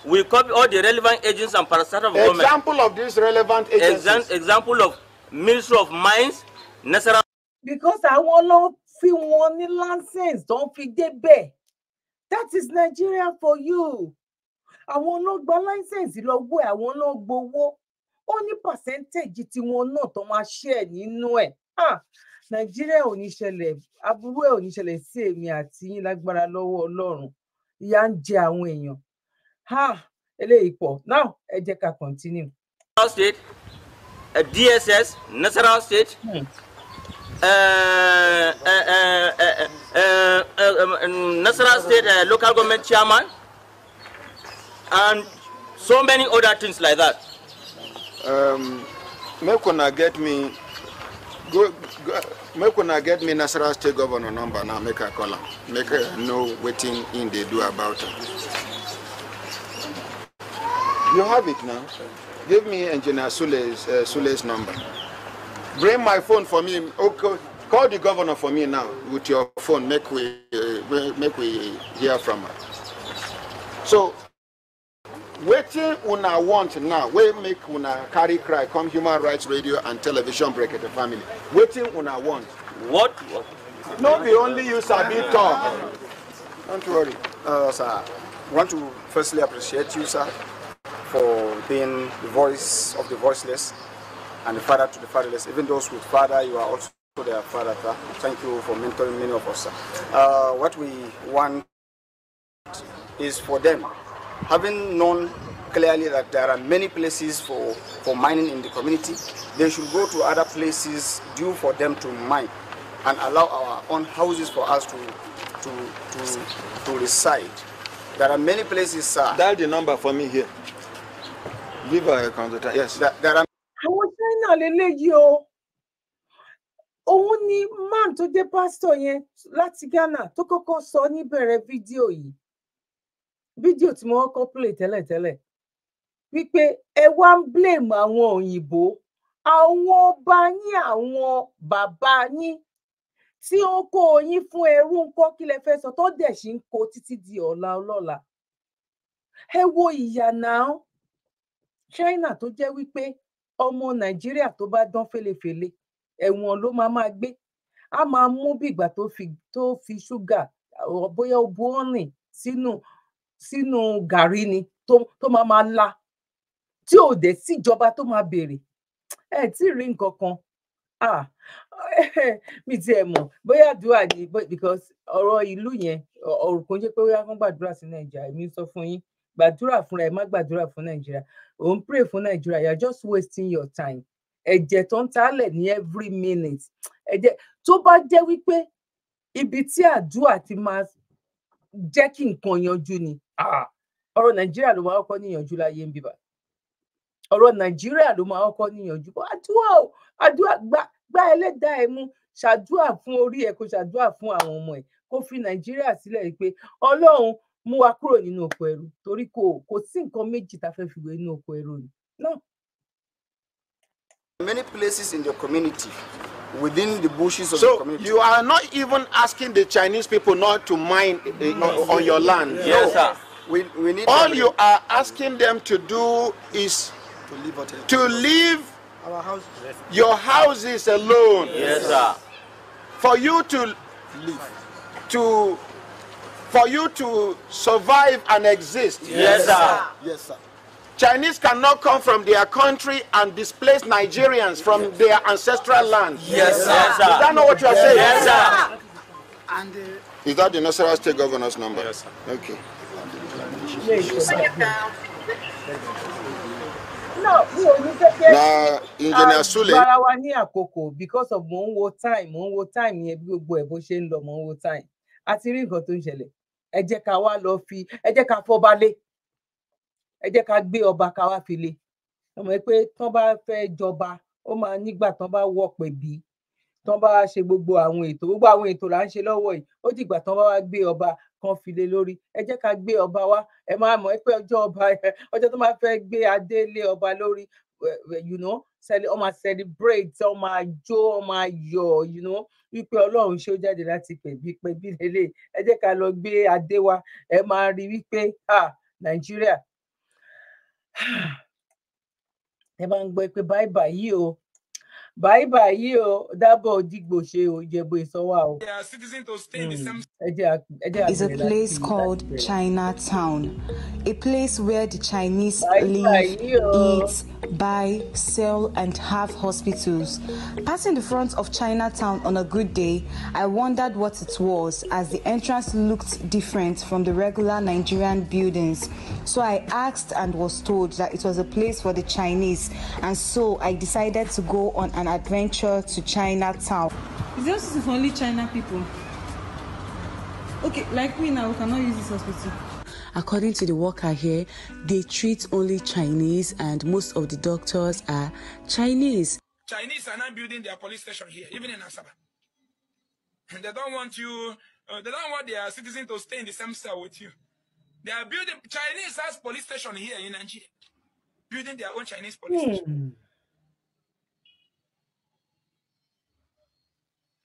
We copy all the relevant agents and parastatal of government. Example of these relevant agents. Exam example of Ministry of Mines, Natural. Because I ló fi wọn money license Don't ń fi débẹ̀. That is Nigeria for you. I Àwọn ló gba license lọ́wọ́ ẹ̀, àwọn ló gbowó. Ó ní percentage tiwọn náà tó máa share You know it. ò Nigeria ṣẹlẹ̀ aburú ẹ̀ ò ní ṣẹlẹ̀ sí èmi àti yín lágbára lọ́wọ́ Ọlọ́run. Ìyà ń jẹ àwọn èèyàn. ha eléyìí now ẹ jẹ́ ká continue. Nasarawa state eh, DSS Nasarawa state. Hmm. Uh, uh, uh, uh, uh, state uh, local government chairman and so many other things like that. Um, make una get me go, go make una get me Nasarawa state governor number now make a call make a uh, know waiting in the do about it. You have it now. Give me Engineer Sule's, uh, Sule's number. Bring my phone for me. Okay. Oh, call the governor for me now with your phone. Make we, uh, make we hear from her. So, waiting when I want now We make una carry cry come human rights radio and television break at the family Waiting when I want. what. what? no be only you sabi talk. don't worry uh, sir i want to firstly appreciate you sir for being the voice of the voiceless and the father to the fatherless. Even those with father, you are also their father. Thank you for mentoring many of us. Uh, what we want is for them, having known clearly that there are many places for, for mining in the community, they should go to other places due for them to mine and allow our own houses for us to, to, to, to reside. There are many places, sir. Dial the number for me here. liver economy yes that, that I'm. àwọn china lélẹ́yìí o òun ni man tó jẹ́ pásítọ̀ yẹn láti ghana tó kọ́kọ́ sọ níbẹ̀rẹ̀ fídíò yìí fídíò tí mo kọ́kọ́ play tẹ́lẹ̀tẹ́lẹ̀ wípé ẹ wá ń blame àwọn òyìnbó àwọn ọba yín àwọn bàbá yín tí ó kó yín fún ẹrú ńkọ́ kí lẹ fẹ́ sọ tó dẹ̀ sì ń kó títí di ọ̀la ọlọ́la ẹ wo ìyà náà china tó jẹ́ wípé ọmọ nàìjíríà tó bá dán fẹlẹfẹlẹ ẹ̀wọ̀n ló máa máa gbé a máa mú bìgbà tó fi tó fi ṣúgà bóyá O bu ọ́nìn sínú sínú gàrí ni tó tó máa máa la tí ò dé síjọba tó máa béèrè ẹ tí ì rí nǹkan kan ah mi tiẹ̀ mọ̀ bóyá àdúrà ni because ọ̀rọ̀ ìlú yẹn ọ̀rùn kò ń jẹ́ pé ó yá fún gbàdúrà sí nàìjíríà èmi sọ fún yín gbàdúrà fúnra ẹ má gbàdúrà fún nàìjíríà ò ń pray fún nàìjíríà you are just wasting your time ẹ̀jẹ̀ tó ń taálẹ̀ ní every minute ẹ̀jẹ̀ tó bá jẹ́ wípé ibi tí àdúrà ti máa jẹ́ kí nǹkan yanjú ni ọ̀rọ̀ nàìjíríà ló máa kọ́kọ́ níyanjú láyé ń bíbá ọ̀rọ̀ nàìjíríà ló máa kọ́kọ́ níyanjú àdúrà o àdúrà gbá ẹlẹ́dàá ẹ mú ṣàdúrà fún orí ẹ kó ṣàdúrà fún àwọn ọmọ ẹ kó fi nàìjíríà sílẹ̀ pé ọlọ́run mú wa kúrò nínú oko ẹrú torí kò kò sí nǹkan méjì tá a fẹ́ fi wé inú oko ẹrú ni náà. Many places in your community within the bushes of so the community. So you are not even asking the Chinese people not to mine uh, eh, eh, no. on your land. Yes, no. yes sir. We, we need All you are asking them to do is to leave, to leave Our houses. your houses alone. Yes, sir. For you to leave, to for you to survive and exist. Yes, yes sir. Yes, sir. Chinese cannot come from their country and displace Nigerians from yes. their ancestral land. Yes, yes sir. Is that not what you are saying? Yes, sir. And, uh, Is that the Nasarawa State Governor's number? Yes, sir. Okay. na engineer Sule. gbara wa ní because of one war time one war time We have gbogbo ẹ̀ bó ṣe war time. a ti rí nǹkan tó ń ṣẹlẹ̀ ẹ jẹ́ ká wá lọ fi ẹ jẹ́ ká fọba lé ẹ jẹ́ ká gbé ọba ká wá fi lé ọmọ yẹn pé tán bá fẹ́ jọba ó máa nígbà tán bá wọ̀pẹ̀ bí tán bá ṣe gbogbo àwọn ètò gbogbo àwọn ètò là ń ṣe lọ́wọ́ yìí ó dìgbà tán bá wá gbé ọba kan fi lé lórí ẹ jẹ́ ká gbé ọba wá ẹ máa mọ̀ pé ọjọ́ ọba ọjọ́ tó máa fẹ́ gbé adé lé ọba lórí eh, eh, you know ọ máa celebrate ọ máa jó ọ you know wípé ọlọ́run ṣó jáde láti pẹ̀bí pẹ̀bí lélẹ̀ ẹ jẹ́ ká lọ gbé adé wa ẹ máa rí wípé nàìjíríà ẹ máa ń gbọ́ pé báyìí báyìí o bye bye yo dábọ̀ dìgbò ṣe o o. is hmm. a place called Chinatown, a place where the Chinese live, eat, buy, sell, and have hospitals. Passing the front of Chinatown on a good day, I wondered what it was as the entrance looked different from the regular Nigerian buildings. So I asked and was told that it was a place for the Chinese, and so I decided to go on an an adventure to Chinatown. Is this for only China people? Okay, like me now, we cannot use this hospital. According to the worker here, they treat only Chinese and most of the doctors are Chinese. Chinese are now building their police station here, even in Asaba. And they don't want you, uh, they don't want their citizens to stay in the same cell with you. They are building, Chinese has police station here in Nigeria, building their own Chinese police hmm. station.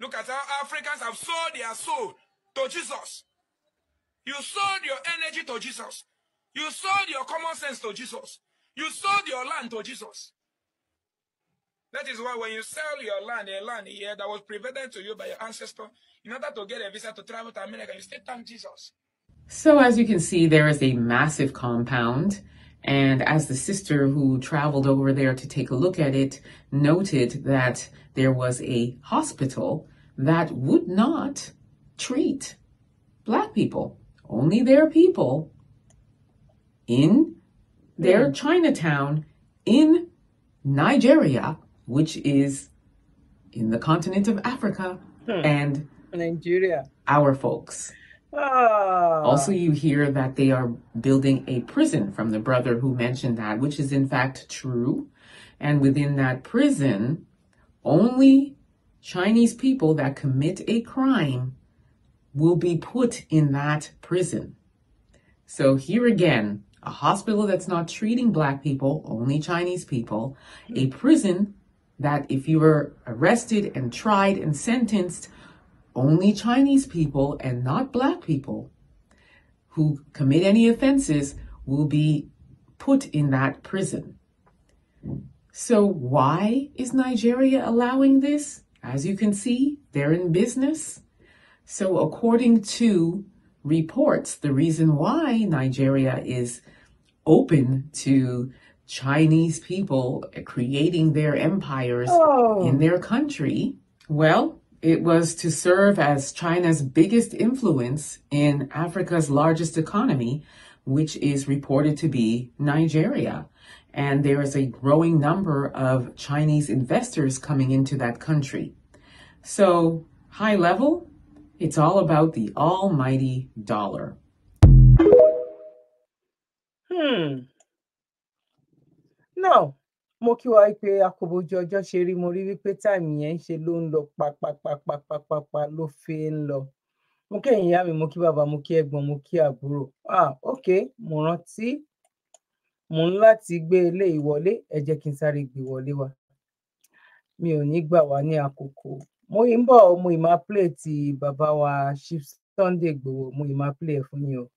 Look at how Africans have sold their soul to Jesus. You sold your energy to Jesus. You sold your common sense to Jesus. You sold your land to Jesus. That is why when you sell your land, a land here that was provided to you by your ancestor, in order to get a visa to travel to America, you still thank Jesus. So as you can see, there is a massive compound. And as the sister who traveled over there to take a look at it noted that there was a hospital that would not treat black people, only their people, in their yeah. Hmm. Chinatown in Nigeria, which is in the continent of Africa, hmm. and Nigeria, our folks. Oh. Also, you hear that they are building a prison from the brother who mentioned that, which is in fact true. And within that prison, only Chinese people that commit a crime will be put in that prison. So here again, a hospital that's not treating black people, only Chinese people, a prison that if you were arrested and tried and sentenced, only Chinese people and not black people who commit any offenses will be put in that prison. So why is Nigeria allowing this? As you can see, they're in business. So according to reports, the reason why Nigeria is open to Chinese people creating their empires oh. in their country, well, it was to serve as China's biggest influence in Africa's largest economy, which is reported to be Nigeria and there is a growing number of Chinese investors coming into that country. So, high level, it's all about the almighty dollar. Hmm. No. mo kí wa pé akọbojú ọjọ́ ṣe rí mo rí wípé táìmù yẹn ń ṣe ló ń lọ ló ń lọ mo kí ẹ̀yin ìyá mi mo kí bàbá mo kí ẹ̀gbọ́n mo kí àbúrò ah ok mo rántí mò ń láti gbé ilé ìwọlé ẹ jẹ́ kí n sáré gbé wọlé wa mi ò ní gbà wá ní àkókò mo ń bọ̀ mo ì máa play ti bàbá wa Chief Sunday Igboho mo ì máa play ẹ̀ fún yín o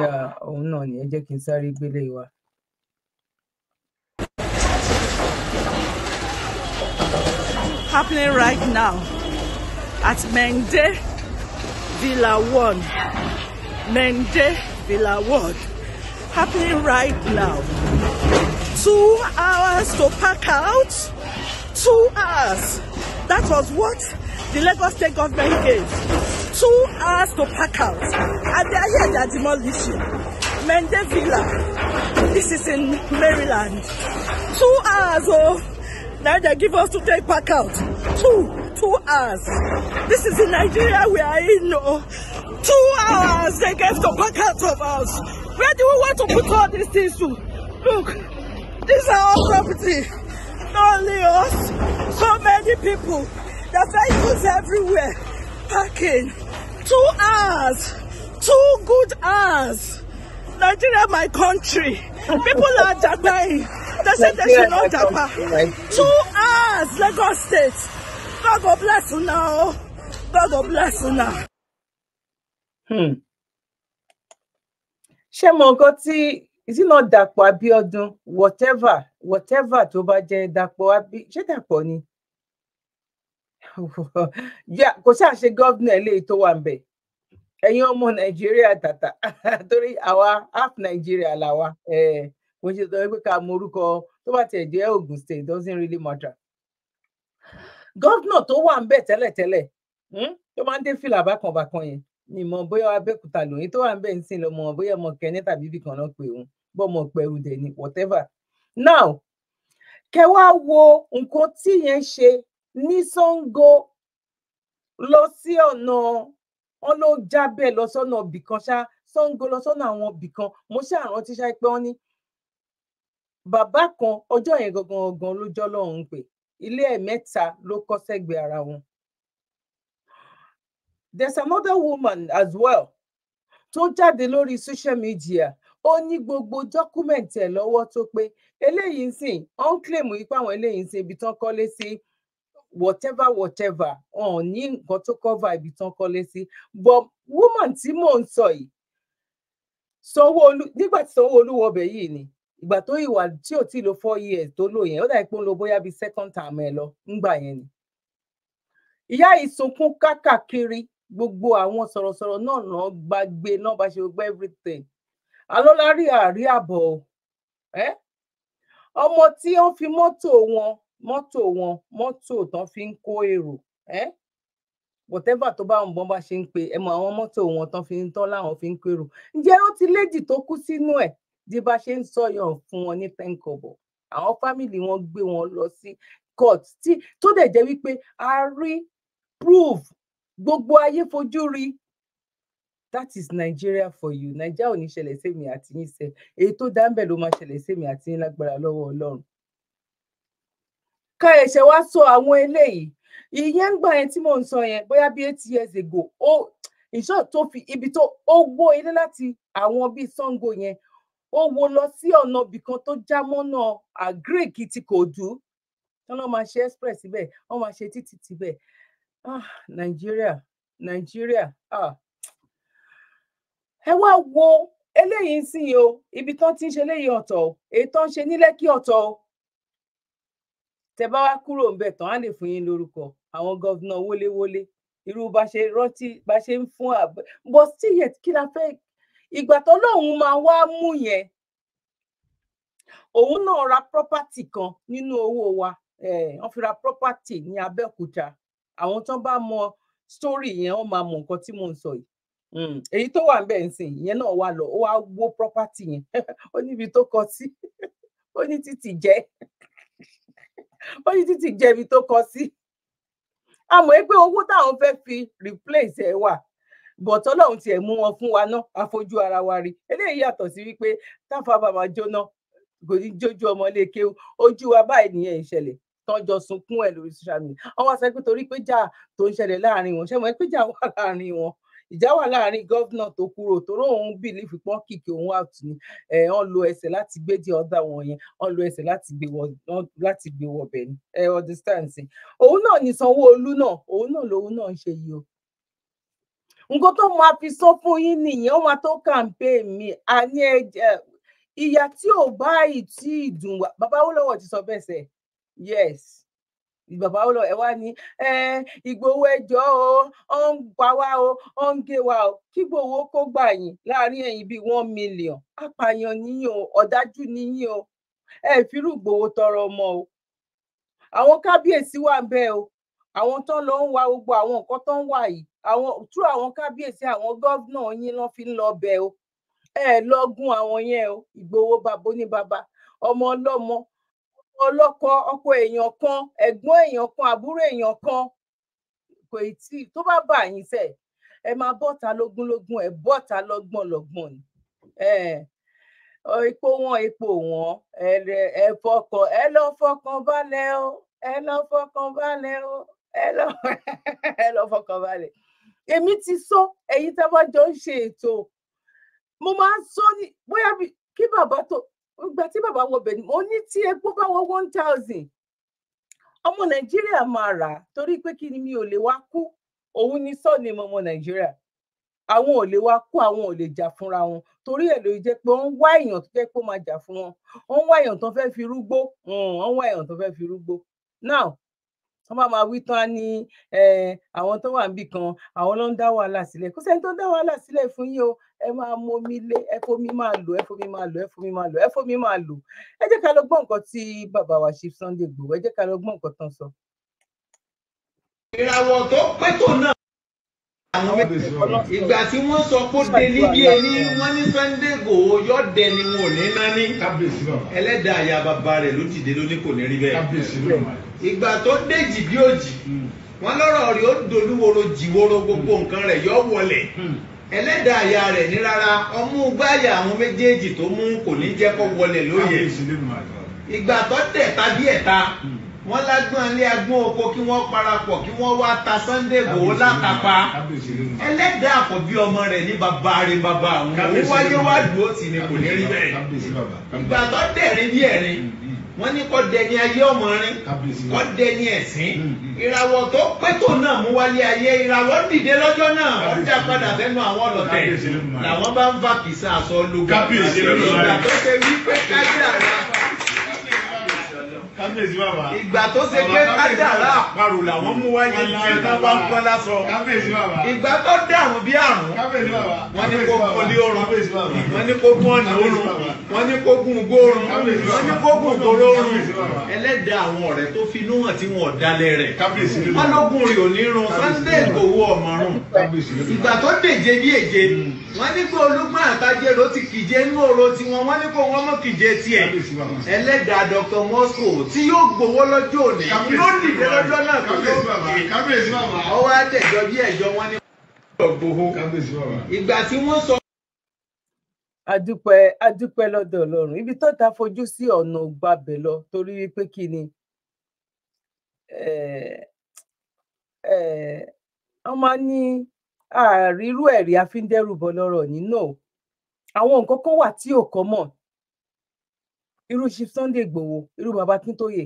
yà òun náà ni ẹ jẹ́ kí n sáré gbélé wa. Happening right now at Mende Villa One Mende Villa One happening right now. Two hours to pack out. Two hours. That was what the Lagos State government gave. Two hours to pack out. And they are here, they are demolishing. Mende Villa. This is in Maryland. Two hours, oh. Now they give us to take pack out. Two two hours. This is in Nigeria we are in. No. Two hours they gave to back out of us. Where do we want to put all these things to? Look, these are our property. Not only us, so many people. The vehicles everywhere. Parking. Two hours. Two good hours. Nigeria, my country. People are dying. They said they should not die. Two hours, Lagos State. God go bless you now. God go bless you now. Hmm. Ṣé mo nǹkan tí ìsìnà Dàpọ̀ Abíọ́dún whatever whatever tó bá jẹ́ Dàpọ̀ Abí ṣé Dàpọ̀ ni? Kò ṣáà ṣe gọ́vnà eléyìí tó wà ń bẹ̀. Ẹ̀yin ọmọ Nàìjíríà tàtà torí àwa half Nàìjíríà làwa. Kò ṣe sọ pé ká mọ orúkọ tó bá tiẹ̀ jẹ́ Ogun State doesn't really matter gọ́vnà tó wà ń bẹ̀ tẹ́lẹ̀tẹ́lẹ̀ hmm, tó máa ń dé fìlà bákanbákan yẹn ni mọ̀ bóyá abẹ́kúta lòyìn tó wà ń bẹ̀ ń sìn lọ́mọ bóyá ọmọ kẹ́ni tàbí ibì kan náà pé òun bọ́ ọmọ pẹ̀rù dẹ̀ ni whatever now kẹ wá wo nǹkan tí yẹn ṣe ní Ṣàngó lọ sí ọ̀nà wọn ló jábẹ́ lọ sọ́nà bìkan ṣá Ṣàngó lọ sọ́nà àwọn bìkan mo ṣàrántí ṣáà pé wọ́n ní bàbá kan ọjọ́ yẹn gangan gangan ló jọ́ lọ́hùn-ún ilé ẹ̀ mẹ́ta ló kọ́ sẹ́gbẹ̀ẹ́ ara wọn. there's another woman as well tó jáde lórí social media ó ní gbogbo document ẹ̀ lọ́wọ́ tó pé eléyìí ń sìn ó ń kílèmù yìí pé àwọn eléyìí ń sìn ibi tán kọ́lé sí whatever whatever wọn ò ní nǹkan tó cover ibi tán kọ́lé sí but woman tí mò ń sọ yìí Sanwó-Olú nígbà tí Sanwó-Olú wọbẹ̀ yìí ni ìgbà tó ìwà tí ò tí lo four years tó lò yẹn ó dàbí pé ń lo bóyá bíi second time ẹ lọ ńgbà yẹn ni. ìyá yìí sunkún kákàkiri gbogbo àwọn sọ̀rọ̀sọ̀rọ̀ náà náà gbàgbé náà bá ṣe gbogbo everything alọ́lárí àárí àbọ̀ ẹ́ ọmọ tí wọ́n fi mọ́tò wọn mọ́tò wọn mọ́tò tán fi ń kó èrò ẹ́ whatever tó bá ń bọ́n bá ṣe ń pe ẹ mọ àwọn mọ́tò wọn tán fi ń tán láwọn fi ń kó èrò ǹjẹ́ ó ti léjì tó kú sínú ẹ̀ di bá ṣe ń sọyàn fún wọn ní tẹńkọbọ àwọn fámìlì wọn gbé wọn lọ sí court tí tó dẹ̀ jẹ́ wípé a rí proof gbogbo ayé fojú rí that is Nigeria for you Nigeria ò ní ṣẹlẹ̀ sẹ́mi àti yín sẹ́ èyí tó dá ń bẹ̀ ló máa ṣẹlẹ̀ sẹ́mi àti yín lágbára lọ́wọ́ Ọlọ́run ká ẹ̀ṣẹ̀ wá sọ àwọn eléyìí ìyẹn ń gbà yẹn tí mò ń sọ yẹn bóyá bí eight years ago ìṣó tó fi ibi tó ó wó ilé láti àwọn bíi Sango yẹn ó wo lọ sí ọ̀nà ibìkan tó já mọ́nà àgírèkì tí kò dú wọn máa ṣe express síbẹ̀ wọn máa ṣe títì síbẹ̀ ah nàìjíríà nàìjíríà ah ẹ wá wo eléyìí sí o ibi tán ti ń ṣe eléyìí ọ̀tọ̀ o èyí tán ń ṣe ní lẹ́kì ọ̀tọ̀ o tẹ bá wá kúrò ńbẹ̀ tán á lè fún yín lórúkọ àwọn gọvnà wọléwọlé irú bá ṣe rántí bá ṣe ń fún àbẹ but still yet kí la fẹ́ ìgbà tó lóun máa wá mú yẹn òun náà ra property kan nínú owó wa wọ́n fi ra property ní Abẹ́òkúta àwọn tán bá mọ story yẹn wọ́n máa mọ nǹkan tí mò ń sọ yìí hmm, èyí tó wà ń bẹ̀ ń sìn ìyẹn náà wà lọ ó wá wó property yẹn ó níbi tó kọ sí ó ní títì jẹ ó ní títì jẹ ibi tó kọ sí àmọ́ pé owó táwọn fẹ́ fi replace ẹ̀ wà but ọlọ́run tiẹ̀ mú wọn fún wa náà àfojú ara wa rí eléyìí yàtọ̀ sí wípé táfà bá máa jóná kò ní jójú ọmọ ilé kéwú ojú wa báyìí nìyẹn ìṣẹ̀lẹ̀ tán jọ sunkún ẹ̀ lórí social media wọ́n wá sọ pé torí pé jà tó ń ṣẹlẹ̀ láàrin wọn ṣẹ́wọ̀n pé jà wà láàrin wọn ìjà wà láàrin gọ́vnà tó kúrò tóró òun bìlífì pọ́n kìkì òun out ni ẹ̀ ọ́n lo ẹsẹ̀ láti gbé di ọ̀dà wọn yẹn ọ́n lo ẹsẹ̀ láti gbé wọn bẹ̀ ni ẹ̀ understand sí òun náà ní Sanwó-Olú náà òun náà lòun náà ń ṣe yìí o nǹkan tó máa fi sọ fún yín nìyẹn ó máa tó campaign mi àní ẹjẹ ìyá tí ò bá ìtì ìdùn wá bàbá olówó ti sọ bẹ́ẹ̀ yes bàbá olówó ẹ wá ní ẹ Ìgbòho ẹjọ́ o ọ ń pa wá o ọ ń gé wa o kí Ìgbòho kó gbà yín láàrin ẹ̀yin bíi one million apààyàn níyìn o ọ̀dájú níyìn o ẹ fi irú Ìgbòho tọrọ ọmọ o àwọn kábíyèsí wà ń bẹ o àwọn tó ń lọ ń wa gbogbo àwọn nǹkan tó ń wà yìí àwọn tú àwọn kábíyèsí àwọn gọ́vnà yín lọ́n fi ń lọ bẹ̀ o ẹ lọ́gùn àwọn yẹn o Ìgbòho bàbá oníbàbá ọmọ ọlọ́mọ ọlọ́kọ ọkọ èèyàn kan ẹ̀gbọ́n èèyàn kan àbúrò èèyàn kan kò ì tí tó bá bà yín sẹ̀ ẹ máa bọ́ta lógúnlógún ẹ bọ́ta lọ́gbọ̀n lọ́gbọ̀n ni epo wọn epo wọn ẹ fọkàn ẹ lọ fọkàn balẹ̀ o ẹ lọ fọkàn balẹ̀ o ẹ lọ ẹ lọ fọkàn balẹ̀ èmi ti sọ ẹ̀yin tá a bá jọ ń ṣe ètò mo máa ń sọ ní bóyá kí bàbá tó ìgbà tí bàbá wọ bẹ ni mo ní tí epo bá wọ one thousand ọmọ nàìjíríà máa rà torí pé kí ni mi ò lè wá kú òun ní sọ́ọ̀nì ọmọ nàìjíríà àwọn ò lè wá kú àwọn ò lè jà fúnra wọn torí ẹ̀ ló jẹ́ pé wọ́n wá èèyàn tó jẹ́ pé máa jà fún wọn wọ́n wá èèyàn tó fẹ́ fi rúgbó wọ́n wá èèyàn tó fẹ́ fi rúgbó now wọ́n bá máa wí tán á ní àwọn tó wà níbì kan àwọn ló ń dá wàhálà sílẹ̀ kó sẹ́ni tó ń dá wàhálà sílẹ̀ fún yín o ẹ máa momi lé ẹ fomi máa lò ẹ fomi máa lò ẹ fomi máa lò ẹ fomi máa lò ẹ jẹ́ ká lọ gbọ́ nǹkan tí bàbá wa Chief Sunday Igboho ẹ jẹ́ ká lọ gbọ́ nǹkan tán sọ. ìràwọ̀ tó pẹ́ náà ìgbà tí wọ́n sọ kó dé níbi ẹni wọ́n ní Sunday Igboho yọ̀dẹ ni wọn ò ní nání ẹlẹ́dàá àyà bàbá rẹ̀ ló dìde ló ní kò ní rí bẹ́ẹ̀ ìgbà tó dé jì bí òjì hmm. wọn lọ́rọ̀ rẹ̀ ó dolúworo jìworo hmm. gbogbo nǹkan rẹ̀ yọ wọlẹ̀ hmm. ẹlẹ́dàá àyà rẹ̀ ní rárá ọmú gbáyà àwọn méjèèjì tó mú kò ní jẹ́ kó wọlẹ̀ lóye ìgbà tó tẹ̀ tàbí ẹ̀ta. Mm wọ́n lágbọ́n ilé agbọ́n oko kí wọ́n parapọ̀ kí wọ́n wá ta Sunday Igboho látàpá ẹlẹ́dàá àkọ́bí ọmọ rẹ̀ ní bàbá rẹ̀ bàbá àwọn òun wáyé wá dùn ó tì ní kò ní rí bẹ́ẹ̀ ìgbà tó dẹ̀rín bí ẹ̀rín mm, mm. wọ́n ní kọ́ dẹni ayé ọmọ rẹ̀ kọ́ dẹni ẹ̀sìn mm, ìràwọ̀ tó pẹ́tò náà mú wálé ayé ìràwọ̀ dìde lọ́jọ́ náà wọ́n dá padà sẹ́nu àwọn ọlọ́tẹ̀ làwọn bá ń fa kìsà aṣọ olùgbà tó ṣe wípé kábíyèsí bàbá ìgbà tó ṣe pé kádàrá àparò làwọn mú wáyé ní ẹ̀ka bá ń pọ́n lásọ kábíyèsí bàbá ìgbà tó dàrún bí àrùn kábíyèsí bàbá wọ́n ní kó kọ́lé oorun kábíyèsí bàbá wọ́n ní kó gún ọ̀nà oorun wọ́n ní kó gún ugbó oorun wọ́n ní kó gún ògbóró oorun ẹlẹ́dà àwọn ọ̀rẹ́ tó fi inú hàn tí wọn ò dalẹ̀ rẹ̀ wọ́n ló gún rè onírun Sunday Igboho ọ̀mọ̀rún ìgbà tó dèje bí èje wọ́n ní kó olúgbọ́n àtàjẹ́ ló ti kìje inú oró tiwọn wọ́n ní kó wọ́n mọ̀ kìje tiẹ̀ ẹlẹ́dà Dr. Moscow tí yóò gbowó lọ́jọ́ òní yóò dìde lọ́jọ́ náà tó tó ọwọ́ àtẹ̀jọ́ bí ẹ̀jọ́ wọn ní gbogbo ìgbà tí wọ́n sọ. adúpẹ́ adúpẹ́ lọ́dọ̀ ọlọ́run ibi tó ta fojú sí ọ̀nà gbàbẹ̀ lọ torí pé kí ni wọ́n máa ní àrírú ẹ̀rí afíndẹ́rùbọ lọ́rọ̀ nínú àwọn nǹkan kan wà tí ò kọ́ mọ̀ irú Chief Sunday Igboho irú baba Akíntóyè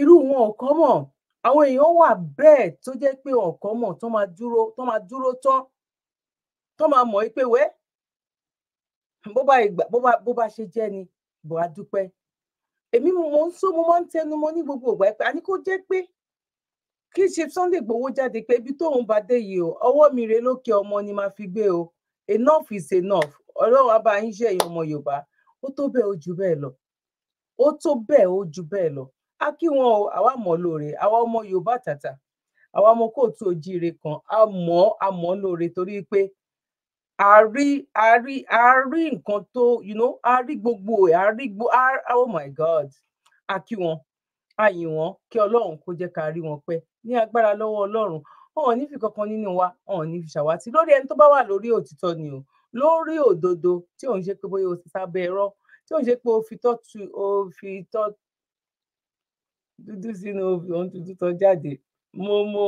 irú wọn ọkọ mọ àwọn èèyàn wà bẹ́ẹ̀ tó jẹ́ pé ọkọ mọ tó máa dúró tó máa dúró tán tó máa mọ̀ pé wẹ bó bá ìgbà bó bá bó bá ṣe jẹ́ ni bó a dúpẹ́ èmi mo ń sọ mo máa ń tẹnu mọ́ ní gbogbo ìgbà pé àní kó jẹ́ pé kí Chief Sunday Igboho jáde pé ibi tóun bá dé yìí o ọwọ́ mi rèé lókè ọmọ ni màá fi gbé o enough is enough ọlọ́run á bá yín ṣẹ̀yìn ọmọ Yorùbá ó tó bẹ́ẹ̀ ó jù bẹ́ẹ̀ lọ ó tó bẹ́ẹ̀ ó jù bẹ́ẹ̀ lọ a kí wọn o àwa mọ̀ lóore àwa ọmọ Yorùbá tàtà àwa ọmọ kóòtù òjíire kan a mọ̀ a mọ̀ lóore torí pé a rí a rí a rí nǹkan tó you know a rí gbogbo ẹ̀ a rí gbogbo oh my God a kí wọn a yìn wọn kí Ọlọ́run kó jẹ́ ká rí wọn pẹ́ ní agbára lọ́wọ́ Ọlọ́run wọn ò ní fi kankan nínú wa wọn ní fi ṣàwátì lórí ẹni tó bá wà lórí òtítọ́ ni o lórí òdodo tí òun ṣe pé bóyá o ti sábẹ́ ẹ̀rọ tí òun ṣe pé o fi tọ́ tu o fi tọ́ dúdú sínú ohun tuntun tó jáde mo mo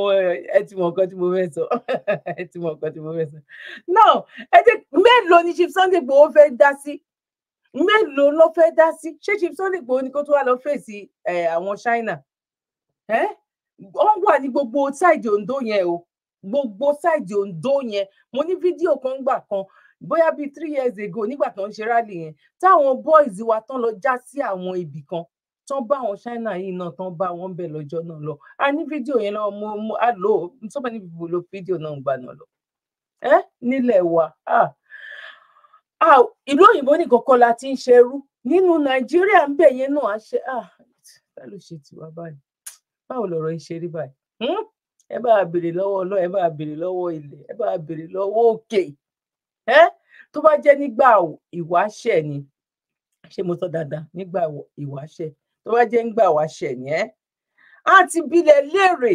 ẹ ti mọ nǹkan tí mo fẹ́ sọ ẹ ti mọ nǹkan tí mo fẹ́ sọ now ẹ jẹ́ mélòó ni Chief Sunday Igboho fẹ́ dá sí mélòó ló fẹ́ dá sí ṣé Chief Sunday Igboho ni kó tó wá lọ fèsì àwọn China wọ́n wà ní gbogbo ṣáìdì Ondo yẹn o gbogbo ṣáìdì Ondo yẹn mo ní fídíò kan gbà kan bóyá bíi three years ago nígbà tó ń ṣe rally yẹn táwọn boys wa tán lọ já sí àwọn ibì kan tán bá àwọn China yìí náà tán bá wọn bẹ̀ lọ́jọ́ náà lọ a ní fídíò yẹn náà mo mo a lò so many people lo fídíò náà gbà náà lọ ẹ nílẹ̀ wa ah ah ìlú òyìnbó nìkan kọ́ la ti ń ṣerú nínú Nàìjíríà ń bẹ̀ yẹn náà a ṣe ah ta ló ṣe tiwa báyìí báwo lọ̀rọ̀ yìí ṣe rí báyìí hmm? ẹ bá a béèrè lọ́wọ́ Ọlọ́run ẹ bá a béèrè lọ́wọ́ ilẹ̀ ẹ bá a béèrè lọ́wọ́ òkè. Okay ẹ tó bá jẹ́ nígbà ìwáṣẹ̀ ni ṣé mo sọ dáadáa nígbà ìwáṣẹ̀ tó bá jẹ́ nígbà ìwáṣẹ̀ ni ẹ àti bilẹ̀ léèrè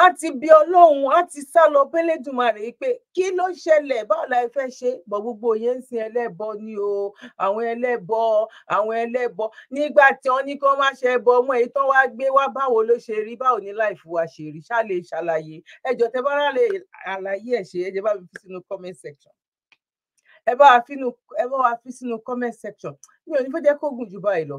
a ti bí ọlọ́run a ti sá lọ pélédùmarè pé kí ló ṣẹlẹ̀ báwo la fẹ́ ṣe bọ̀ gbogbo yẹn ń sin ẹlẹ́bọ ni o àwọn ẹlẹ́bọ àwọn ẹlẹ́bọ nígbà tí wọ́n ní kí wọ́n má ṣe ẹbọ ọmọ èyí tó wá gbé wá báwo ló ṣe rí báwo ní láìfù wa ṣe rí ṣá lè ṣàlàyé ẹjọ tẹ bá rà lè àlàyé ẹ ṣe ẹjẹ bá mi fi sínú comment section ẹ bá wa fi sínú comment section mi ò ní fẹ́ jẹ́ kó gùn jù báyìí lọ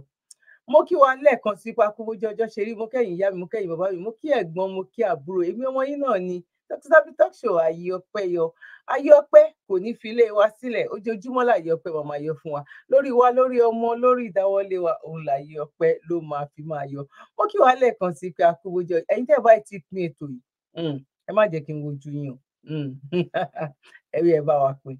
mo kí wa lẹ́ẹ̀kan sí pa kúrú jọjọ́ ṣe rí mo kẹ́yìn ìyá mi mo kẹ́yìn bàbá mi mo kí ẹ̀gbọ́n mo kí àbúrò èmi ọmọ yín náà ni Dr. Zabby Talk Show ayé ọpẹ́ yọ ayé ọpẹ́ kò ní fi ilé wa sílẹ̀ ojoojúmọ́ láyé ọpẹ́ wa máa yọ fún wa lórí wa lórí ọmọ lórí ìdáwọ́lé wa òun láyé ọpẹ́ ló máa fi máa yọ mo kí wa lẹ́ẹ̀kan sí pé akúrú jọ ẹ̀yin tẹ́ báyìí ti pín ètò yìí hmm, ẹ má jẹ́ kí n wojú yín o hmm, wa pín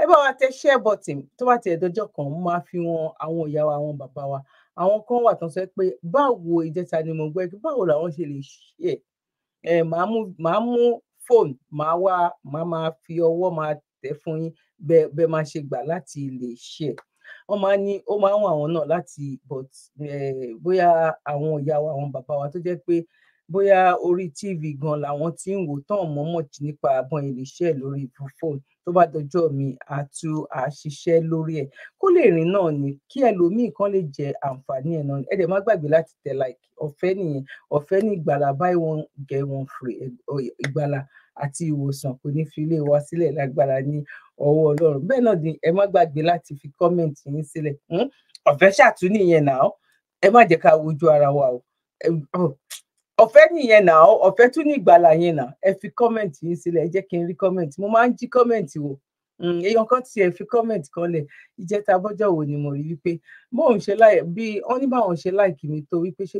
ẹ bá wa tẹ share button tó bá tiẹ̀ dọjọ́ kan máa fi wọn àwọn ìyá wa àwọn bàbá wa àwọn kan wà tán sọ pé báwo ìjẹta ni mo gbọ́ ẹ báwo làwọn ṣe lè ṣe ẹ màá mú fóònù màá wá màá máa fi ọwọ́ máa tẹ̀ fún yín bẹ́ẹ̀ bẹ́ẹ̀ máa ṣe gbà láti lè ṣe wọ́n máa ní ó máa ń wọ àwọn náà láti but bóyá àwọn ìyá wa àwọn bàbá wa tó jẹ́ pé bóyá orí tv gan làwọn tí ń wò tán mọ̀ọ́mọ̀ jì nípa àbọn iléeṣẹ́ lórí fófóònù tó bá dọjọ́ mi àtú àṣìṣe lórí ẹ̀ kó lè rìn náà ni kí ẹlòmíì kan lè jẹ àǹfààní ẹ̀ náà ni ẹ dẹ̀ má gbàgbé láti tẹ̀ like ọ̀fẹ́ nìyẹn ọ̀fẹ́ ní ìgbàlà buy one get one free ìgbàlà àti ìwòsàn kò ní fi ilé wa sílẹ̀ lágbára ní ọwọ́ ọlọ́run bẹ́ẹ̀ náà ni ẹ má gbàgbé láti fi kọ́mẹ̀ntì yín sílẹ̀ hmm? ọ̀fẹ́ ṣàtúnyẹn náà ẹ má jẹ́ ká wojú ara wa o oh, ọ̀fẹ́ nìyẹn náà ọ̀fẹ́ tún ní ìgbàlà yẹn náà ẹ fi kọ́mẹ̀ntì yín sílẹ̀ ẹ jẹ́ kí n rí kọ́mẹ̀ntì mo máa ń jí kọ́mẹ̀ntì wò hmm, èèyàn kan tiẹ̀ fi kọ́mẹ̀ntì kan lẹ̀ ìjẹta bọ́jọ́ wo ni mo rí wípé bóun ṣe láì bí wọ́n ní báwọn ṣe láìkí mi tó wípé ṣé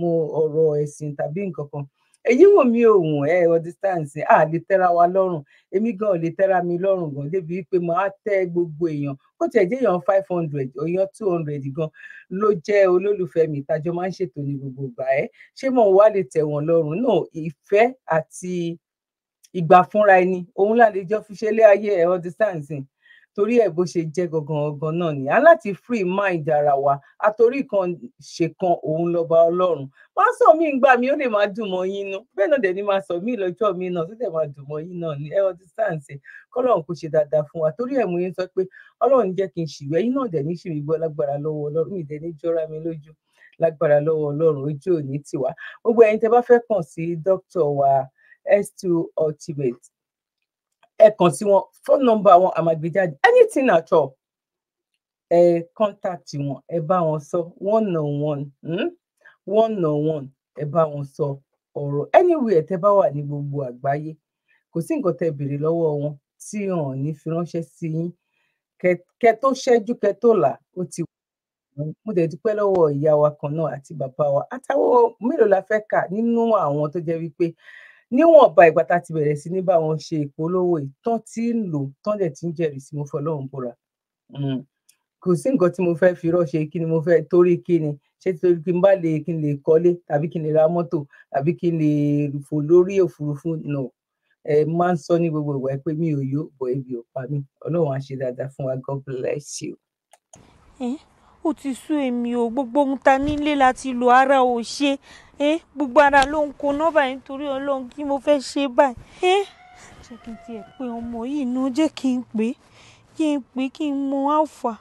mo ọ̀rọ̀ ẹ̀sìn tàbí nǹkan kan èyí wò mí òun ẹ understand à lè tẹ́ra wa lọ́rùn èmi gan ò lè tẹ́ra mi lọ́rùn gan débi wípé màá tẹ́ gbogbo èèyàn kó tiẹ̀ jẹ́ èèyàn five hundred èèyàn two hundred gan ló jẹ́ olólùfẹ́ mi ìtajọ́ máa ń ṣètò ní gbogbo ìgbà ẹ ṣé mò ń wá lè tẹ́ wọn lọ́rùn náà ìfẹ́ àti ìgbà fúnra ẹni òun làlejò fi ṣe lé ayé ẹ understand torí ẹ̀ bó ṣe jẹ́ gangan gangan náà nìyà láti free mind ara wa àtòrí kan ṣe kan òun lọ́ba ọlọ́run máa sọ mí ngbà mí ó lè máa dùn mọ́ yín nú bẹ́ẹ̀ náà dẹ̀ ni máa sọ mí lọ́jọ́ mi náà tó dẹ̀ máa dùn mọ́ yín náà ni ẹ ọtí sáǹsì kọ́lọ́run kò ṣe dáadáa fún wa torí ẹ̀ mú yín sọ pé ọlọ́run jẹ́ kí n ṣìwẹ́ yín náà dẹ̀ ní ṣìwẹ́ gbọ́ lágbára lọ́wọ́ ọlọ́run mi dẹ̀ jọra mi lójú lágbára lọ́wọ́ ọlọ́run ojú òní tiwa gbogbo ẹ̀yin tẹ́ bá fẹ́ kàn sí dókítà wa s2 ultimate ẹ kàn sí wọn phone number wọn àmàgbéjáde anything at all ẹ contact wọn ẹ bá wọn sọ one on one Hmm. one on one ẹ bá wọn sọ ọ̀rọ̀ anywhere tẹ bá wà ní gbogbo àgbáyé kò sí nǹkan tẹ béèrè lọ́wọ́ wọn tí wọn ò ní fi ránṣẹ́ sí yín kẹ tó ṣẹ́jú kẹ tó là ó ti mo dẹ̀ dúpẹ́ lọ́wọ́ ìyá wa kan náà àti bàbá wa àtàwọn mélòó la fẹ́ kà nínú àwọn tó jẹ́ wípé níwọ̀nba ìgbà tá a ti bẹ̀rẹ̀ sí ní bá wọn ṣe ìpolówó ìtàn tí ń lò tán dẹ̀ ti ń jẹ́rìí sí mo fọ́ lọ́hùn búra hmm. kò sí nǹkan tí mo fẹ́ fi rọ́ṣe kí ni mo fẹ́ torí kí ni ṣé torí kí n bá lè kí n lè kọ́lé tàbí kí n lè ra mọ́tò tàbí kí n lè fò lórí òfurufú nà ẹ máa ń sọ ní gbogbo ìwà pé mi ò yó bọ̀ ẹbí ò pa mí á ṣe dáadáa fún wa God bless you ó ti sú èmi o gbogbo ohun ta nílé láti lo ara ò ṣe é gbogbo ara ló ń koná báyìí nítorí ọlọ́run kí mo fẹ́ ṣe báyìí jẹ́ kí n tiẹ̀ pé ọmọ yìí náà jẹ́ kí n pè é kí n pè é kí n mọ àfà.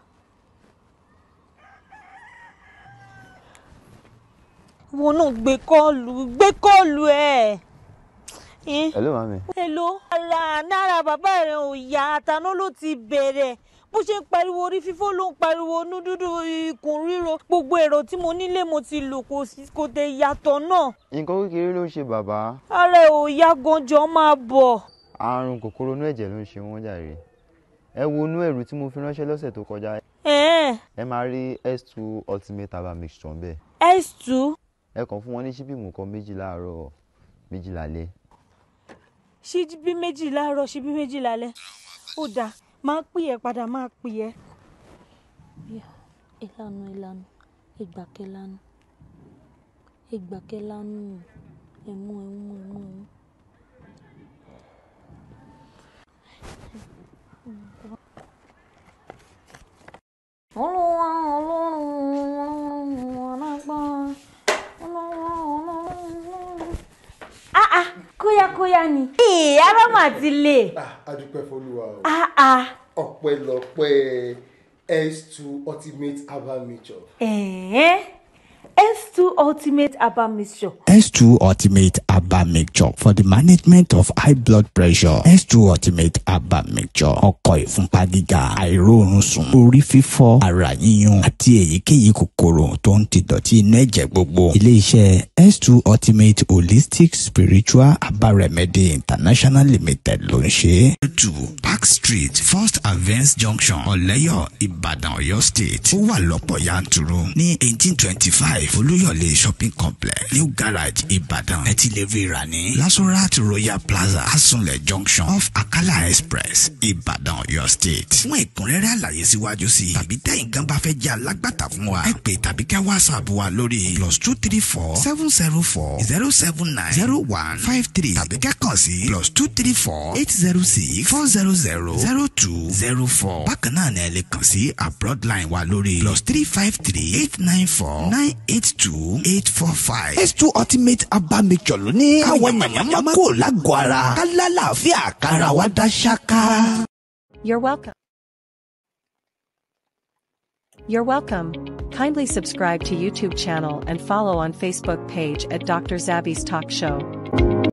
wọn náà gbé kọ́ọ̀lù gbé kọ́ọ̀lù ẹ̀. hello mami. hello ara náírà bàbá rẹ̀ ò yá àtàná ló ti bẹ̀rẹ̀ bó ṣe ń pariwo orí fífọ́ ló ń pariwo inú dúdú ikùn ríro gbogbo èrò tí mo nílé mo ti lò kò tẹ yàtọ̀ náà. nǹkan kékeré ló ń ṣe bàbá. ara ò yá ganjọ máa bọ̀. àrùn kòkòrò inú ẹ̀jẹ̀ ló ń ṣe wọ́n jàre ẹ wo inú ẹ̀rù tí mo fi ránṣẹ́ lọ́sẹ̀ tó kọjá. ẹ máa rí s two ultimate herbal mixture bẹ́ẹ̀. s two. ẹ kàn fún wọn ní ṣíbí mùkọ méjì láàárọ̀ méjì lálẹ́. ṣíbí méjì láàárọ̀ ṣíbí méjì lálẹ́ ó dáa máa pè ẹ́ padà máa pè ẹ́. ìlànà ìlànà ìgbàkẹ́lánú ìgbàkẹ́lánú ẹ̀mú ẹ̀mú ẹ̀mú ẹ̀mú. kóyá ni. ee ara mà ti lè. a dúpẹ́ fọlúwa o. ọpẹ́lọpẹ́ s2 ultimate herbal mixture. s2 ultimate herbal mixture. s2 ultimate Abba mixture for the management of high blood pressure s 2 Ultimate Abba mixture ọkọ̀ ìfúnpá gíga àìróorun sùn orí fífọ́ ara yíyún àti èyíkéyìí kòkòrò tó ń ti dọ̀tí iná ẹ̀jẹ̀ gbogbo iléeṣẹ́ H2 Ultimate Holistic Spiritual Abba Remedy International Limited ló ń ṣe. two Park Street First Avance Junction Ọ̀lẹ́yọ̀ Ìbàdàn Ọ̀yọ́ State ó wà lọ́pọ̀ yanturu ní eighteen twenty Olúyọ̀lé Shopping Complex New Garage Ìbàdàn ẹ̀ ti lè rí Virani. Lasorat Royal Plaza, Asunlẹ̀ Junction off Akala Express, Ìbàdàn, Ọ̀yọ́ State. Fún ẹ̀kúnrẹ́rẹ́ àlàyé síwájú sí i, tàbí tẹ̀yin gan bá fẹ́ jẹ́ alágbàtà fún wa, ẹ pè tàbí kẹ́ WhatsApp wa lórí plus two three four seven zero four zero seven nine zero one five three tàbí kẹ́ kàn sí plus two three four eight zero six four zero zero zero two zero four. Bákan náà ni ẹ lè kàn sí abroad line wa lórí plus three five three eight nine four nine eight two eight four five. S2 Ultimate Abba Mixture lónìí. kò ara ká lálàáfíà kára wa dá ṣáká. You're welcome. You're welcome. Kindly subscribe to YouTube channel and follow on Facebook page at Dr. Zabby's Talk Show.